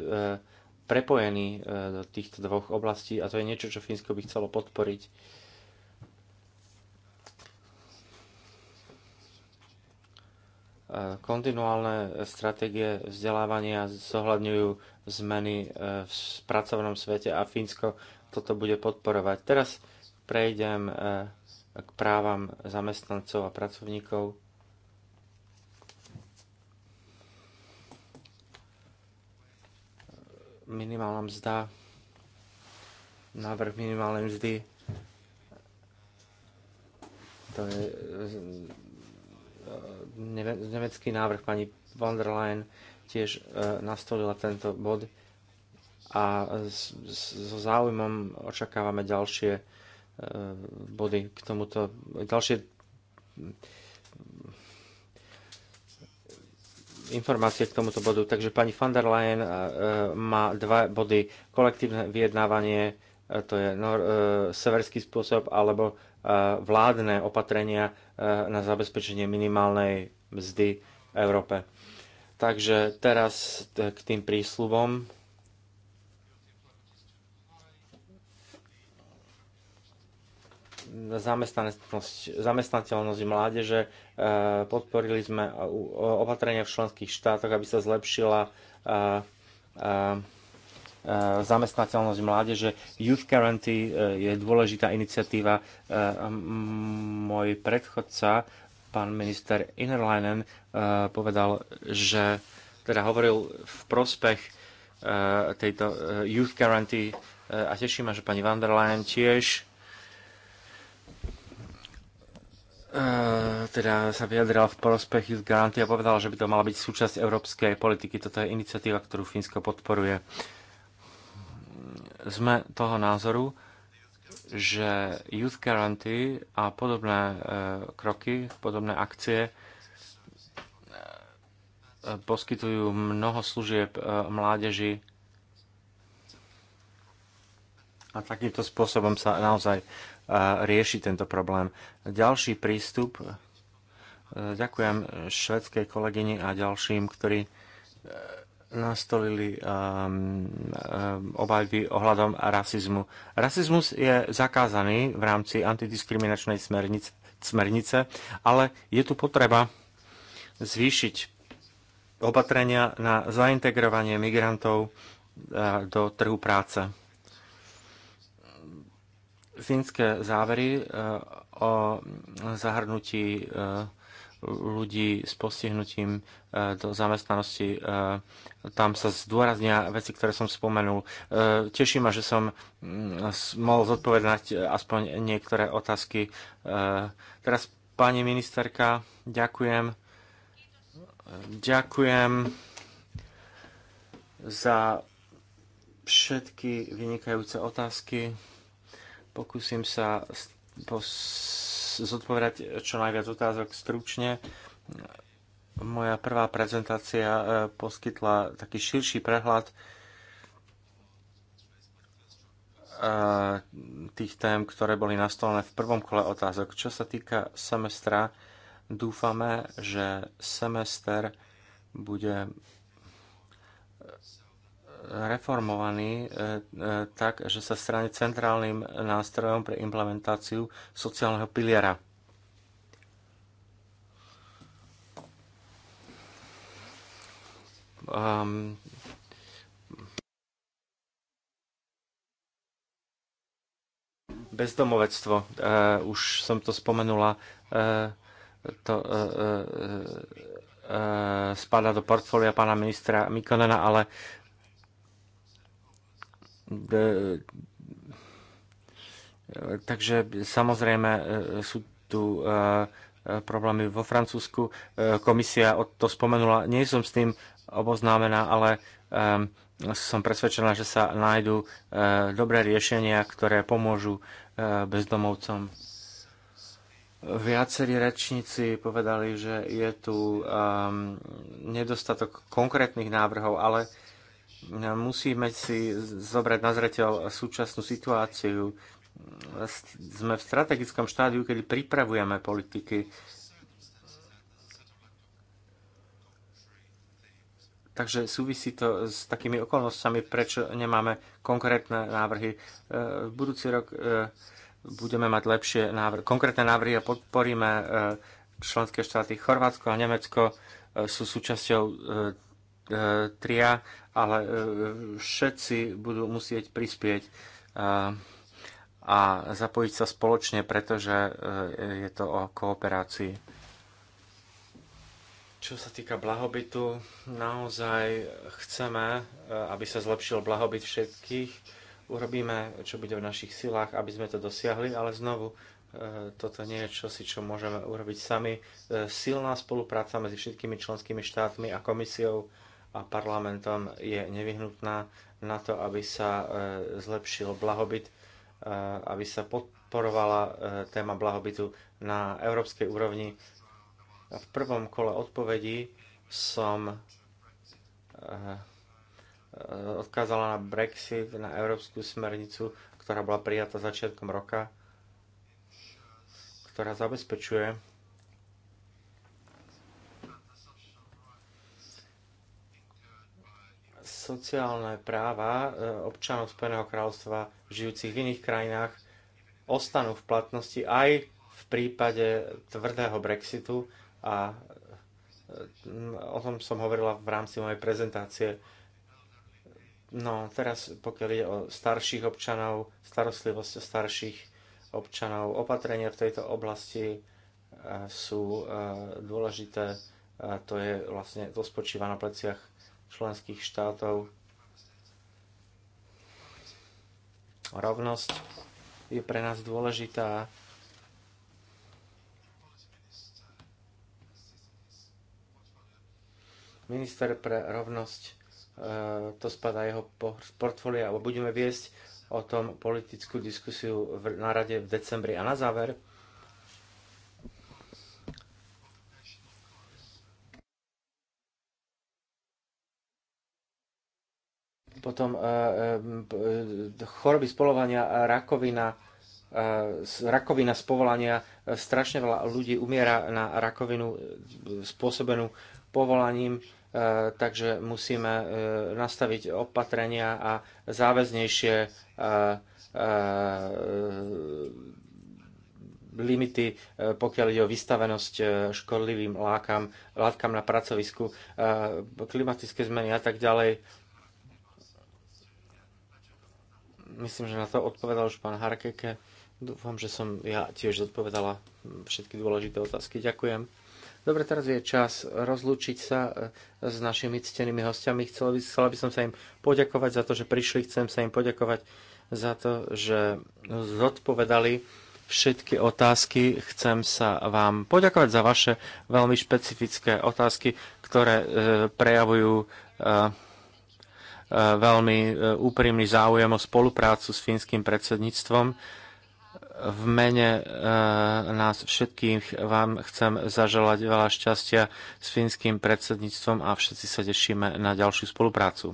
Speaker 1: prepojený do týchto dvoch oblastí a to je niečo, čo Fínsko by chcelo podporiť. Kontinuálne stratégie vzdelávania zohľadňujú zmeny v pracovnom svete a Fínsko toto bude podporovať. Teraz prejdem k právam zamestnancov a pracovníkov. minimálna mzda, návrh minimálnej mzdy, to je eh, nemecký návrh pani von der Leyen tiež eh, nastolila tento bod a so záujmom očakávame ďalšie eh, body k tomuto, ďalšie informácie k tomuto bodu. Takže pani van der Leyen e, má dva body. Kolektívne vyjednávanie, e, to je nor- e, severský spôsob, alebo vládne opatrenia na zabezpečenie minimálnej mzdy v Európe. Takže teraz k tým prísľubom zamestnateľnosť mládeže. E, podporili sme opatrenia v členských štátoch, aby sa zlepšila e, e, zamestnateľnosť mládeže. Youth Guarantee je dôležitá iniciatíva. Môj predchodca, pán minister Innerleinen, povedal, že teda hovoril v prospech tejto Youth Guarantee a teším ma, že pani van der Leyen tiež Eh, teda sa vyjadril v prospech z garanty a povedal, že by to mala byť súčasť európskej politiky. Toto je iniciatíva, ktorú Fínsko podporuje. Sme toho názoru, že Youth Guarantee a podobné eh, kroky, podobné akcie eh, poskytujú mnoho služieb mládeži a takýmto spôsobom sa naozaj riešiť tento problém. Ďalší prístup, ďakujem švedskej kolegyni a ďalším, ktorí eh, nastolili um, eh, um, eh, obajby ohľadom rasizmu. Rasizmus je zakázaný v rámci antidiskriminačnej smernice, smernice, ale je tu potreba zvýšiť opatrenia na zaintegrovanie migrantov do trhu práce fínske závery e, o zahrnutí e, ľudí s postihnutím e, do zamestnanosti. Tam sa zdôraznia veci, ktoré som spomenul. Teší ma, že som mm, mohol zodpovedať aspoň niektoré otázky. Teraz pani ministerka, ďakujem. Ďakujem za všetky vynikajúce otázky. Pokúsim sa zodpovedať čo najviac otázok stručne. Moja prvá prezentácia e, poskytla taký širší prehľad e, tých tém, ktoré boli nastolené v prvom kole otázok. Čo sa týka semestra, dúfame, že semester bude reformovaný e, e, tak, že sa stane centrálnym nástrojom pre implementáciu sociálneho piliera. Um, bezdomovectvo, uh, už som to spomenula, uh, to uh, uh, uh, spada do portfólia pána ministra Mikonena, ale E, takže samozrejme e, sú tu e, problémy vo Francúzsku. Komisia to spomenula. Nie som s tým oboznámená, ale som presvedčená, že sa nájdú dobré riešenia, ktoré pomôžu bezdomovcom. Viacerí rečníci povedali, že je tu um, nedostatok konkrétnych návrhov, ale Musíme si zobrať na zreteľ súčasnú situáciu. Sme v strategickom štádiu, kedy pripravujeme politiky. Takže súvisí to s takými okolnostami, prečo nemáme konkrétne návrhy. E, v budúci rok e, budeme mať lepšie návrhy, konkrétne návrhy a podporíme e, členské štáty Chorvátsko a Nemecko sú súčasťou tria ale e, všetci budú musieť prispieť e, a zapojiť sa spoločne, pretože e, je to o kooperácii. Čo sa týka blahobytu, naozaj chceme, aby sa zlepšil blahobyt všetkých. Urobíme, čo bude v našich silách, aby sme to dosiahli, ale znovu, toto nie je čosi, čo môžeme urobiť sami. Silná spolupráca medzi všetkými členskými štátmi a komisiou a parlamentom je nevyhnutná na to, aby sa e, zlepšil blahobyt, e, aby sa podporovala e, téma blahobytu na európskej úrovni. V prvom kole odpovedí som odkázala na Brexit, na európsku smernicu, ktorá bola prijatá začiatkom roka, ktorá zabezpečuje sociálne práva e, občanov Spojeného kráľovstva žijúcich v iných krajinách ostanú v platnosti aj v prípade tvrdého Brexitu a e, o tom som hovorila v rámci mojej prezentácie. No teraz, pokiaľ ide o starších občanov, starostlivosť o starších občanov, opatrenia v tejto oblasti e, sú dôležité. To, je vlastne, to spočíva na pleciach členských štátov. Rovnosť je pre nás dôležitá. Minister pre rovnosť, eh, to spadá jeho portfólia, alebo budeme viesť o tom politickú diskusiu na rade v decembri. A na záver, Potom e, e, e, choroby z polovania, rakovina, rakovina z povolania. Strašne veľa ľudí umiera na rakovinu spôsobenú povolaním, takže musíme nastaviť opatrenia a záväznejšie limity, pokiaľ ide o vystavenosť škodlivým lákam, látkam na pracovisku, klimatické zmeny a tak ďalej Myslím, že na to odpovedal už pán Harkeke. Dúfam, že som ja tiež zodpovedala všetky dôležité otázky. Ďakujem. Dobre, teraz je čas rozlúčiť sa e, s našimi ctenými hostiami. Chcela by, chcela by som sa im poďakovať za to, že prišli. Chcem sa im poďakovať za to, že zodpovedali všetky otázky. Chcem sa vám poďakovať za vaše veľmi špecifické otázky, ktoré e, prejavujú e, veľmi e, úprimný záujem o spoluprácu s fínskym predsedníctvom. V mene e, nás všetkých vám chcem zaželať veľa šťastia s fínskym predsedníctvom a všetci sa tešíme na ďalšiu spoluprácu.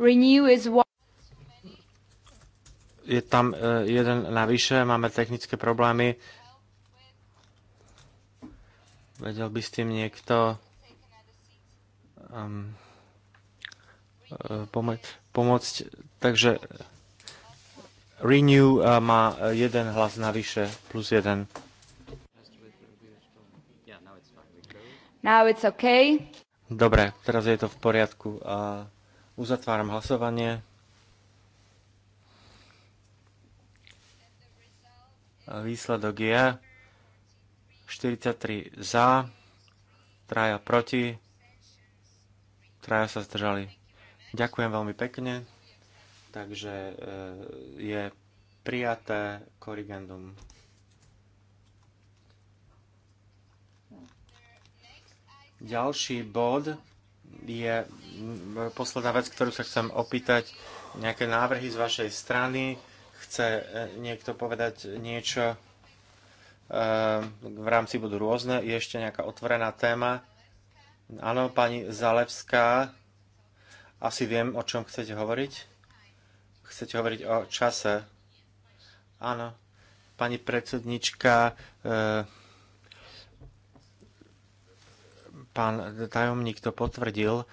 Speaker 1: Renew is one je tam e, jeden navyše, máme technické problémy. Vedel by s tým niekto um, e, pomo- pomôcť. Takže Renew e, má jeden hlas navyše, plus jeden. Now it's okay. Dobre, teraz je to v poriadku. Uh, Uzatváram hlasovanie. A výsledok je 43 za, traja proti, traja sa zdržali. Ďakujem veľmi pekne. Takže e, je prijaté korrigendum. Ďalší bod je posledná vec, ktorú sa chcem opýtať. Nejaké návrhy z vašej strany? Chce e, niekto povedať niečo? E, v rámci budú rôzne. Je ešte nejaká otvorená téma? Áno, pani Zalevská. Asi viem, o čom chcete hovoriť. Chcete hovoriť o čase. Áno. Pani predsednička, e, pán tajomník to potvrdil,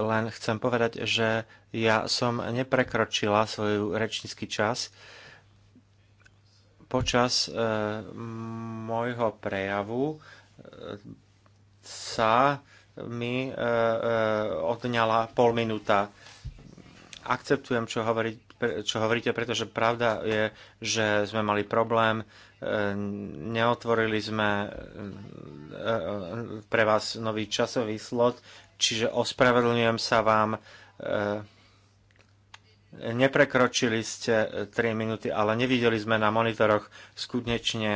Speaker 1: len chcem povedať, že ja som neprekročila svoj rečnícky čas. Počas e, môjho prejavu e, sa mi e, e, odňala pol minúta. Akceptujem, čo, hovorí, čo hovoríte, pretože pravda je, že sme mali problém neotvorili sme e, e, pre vás nový časový slot, čiže ospravedlňujem sa vám. E, neprekročili ste 3 minúty, ale nevideli sme na monitoroch skutočne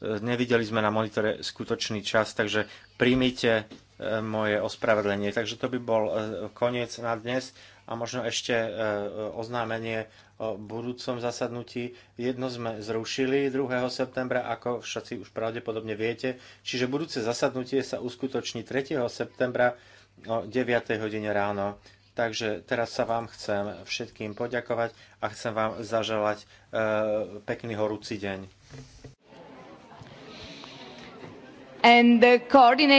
Speaker 1: nevideli sme na monitore skutočný čas, takže príjmite moje ospravedlenie. Takže to by bol koniec na dnes a možno ešte oznámenie O budúcom zasadnutí. Jedno sme zrušili 2. septembra, ako všetci už pravdepodobne viete. Čiže budúce zasadnutie sa uskutoční 3. septembra o 9. hodine ráno. Takže teraz sa vám chcem všetkým poďakovať a chcem vám zaželať e, pekný horúci deň.
Speaker 2: And the coordinate...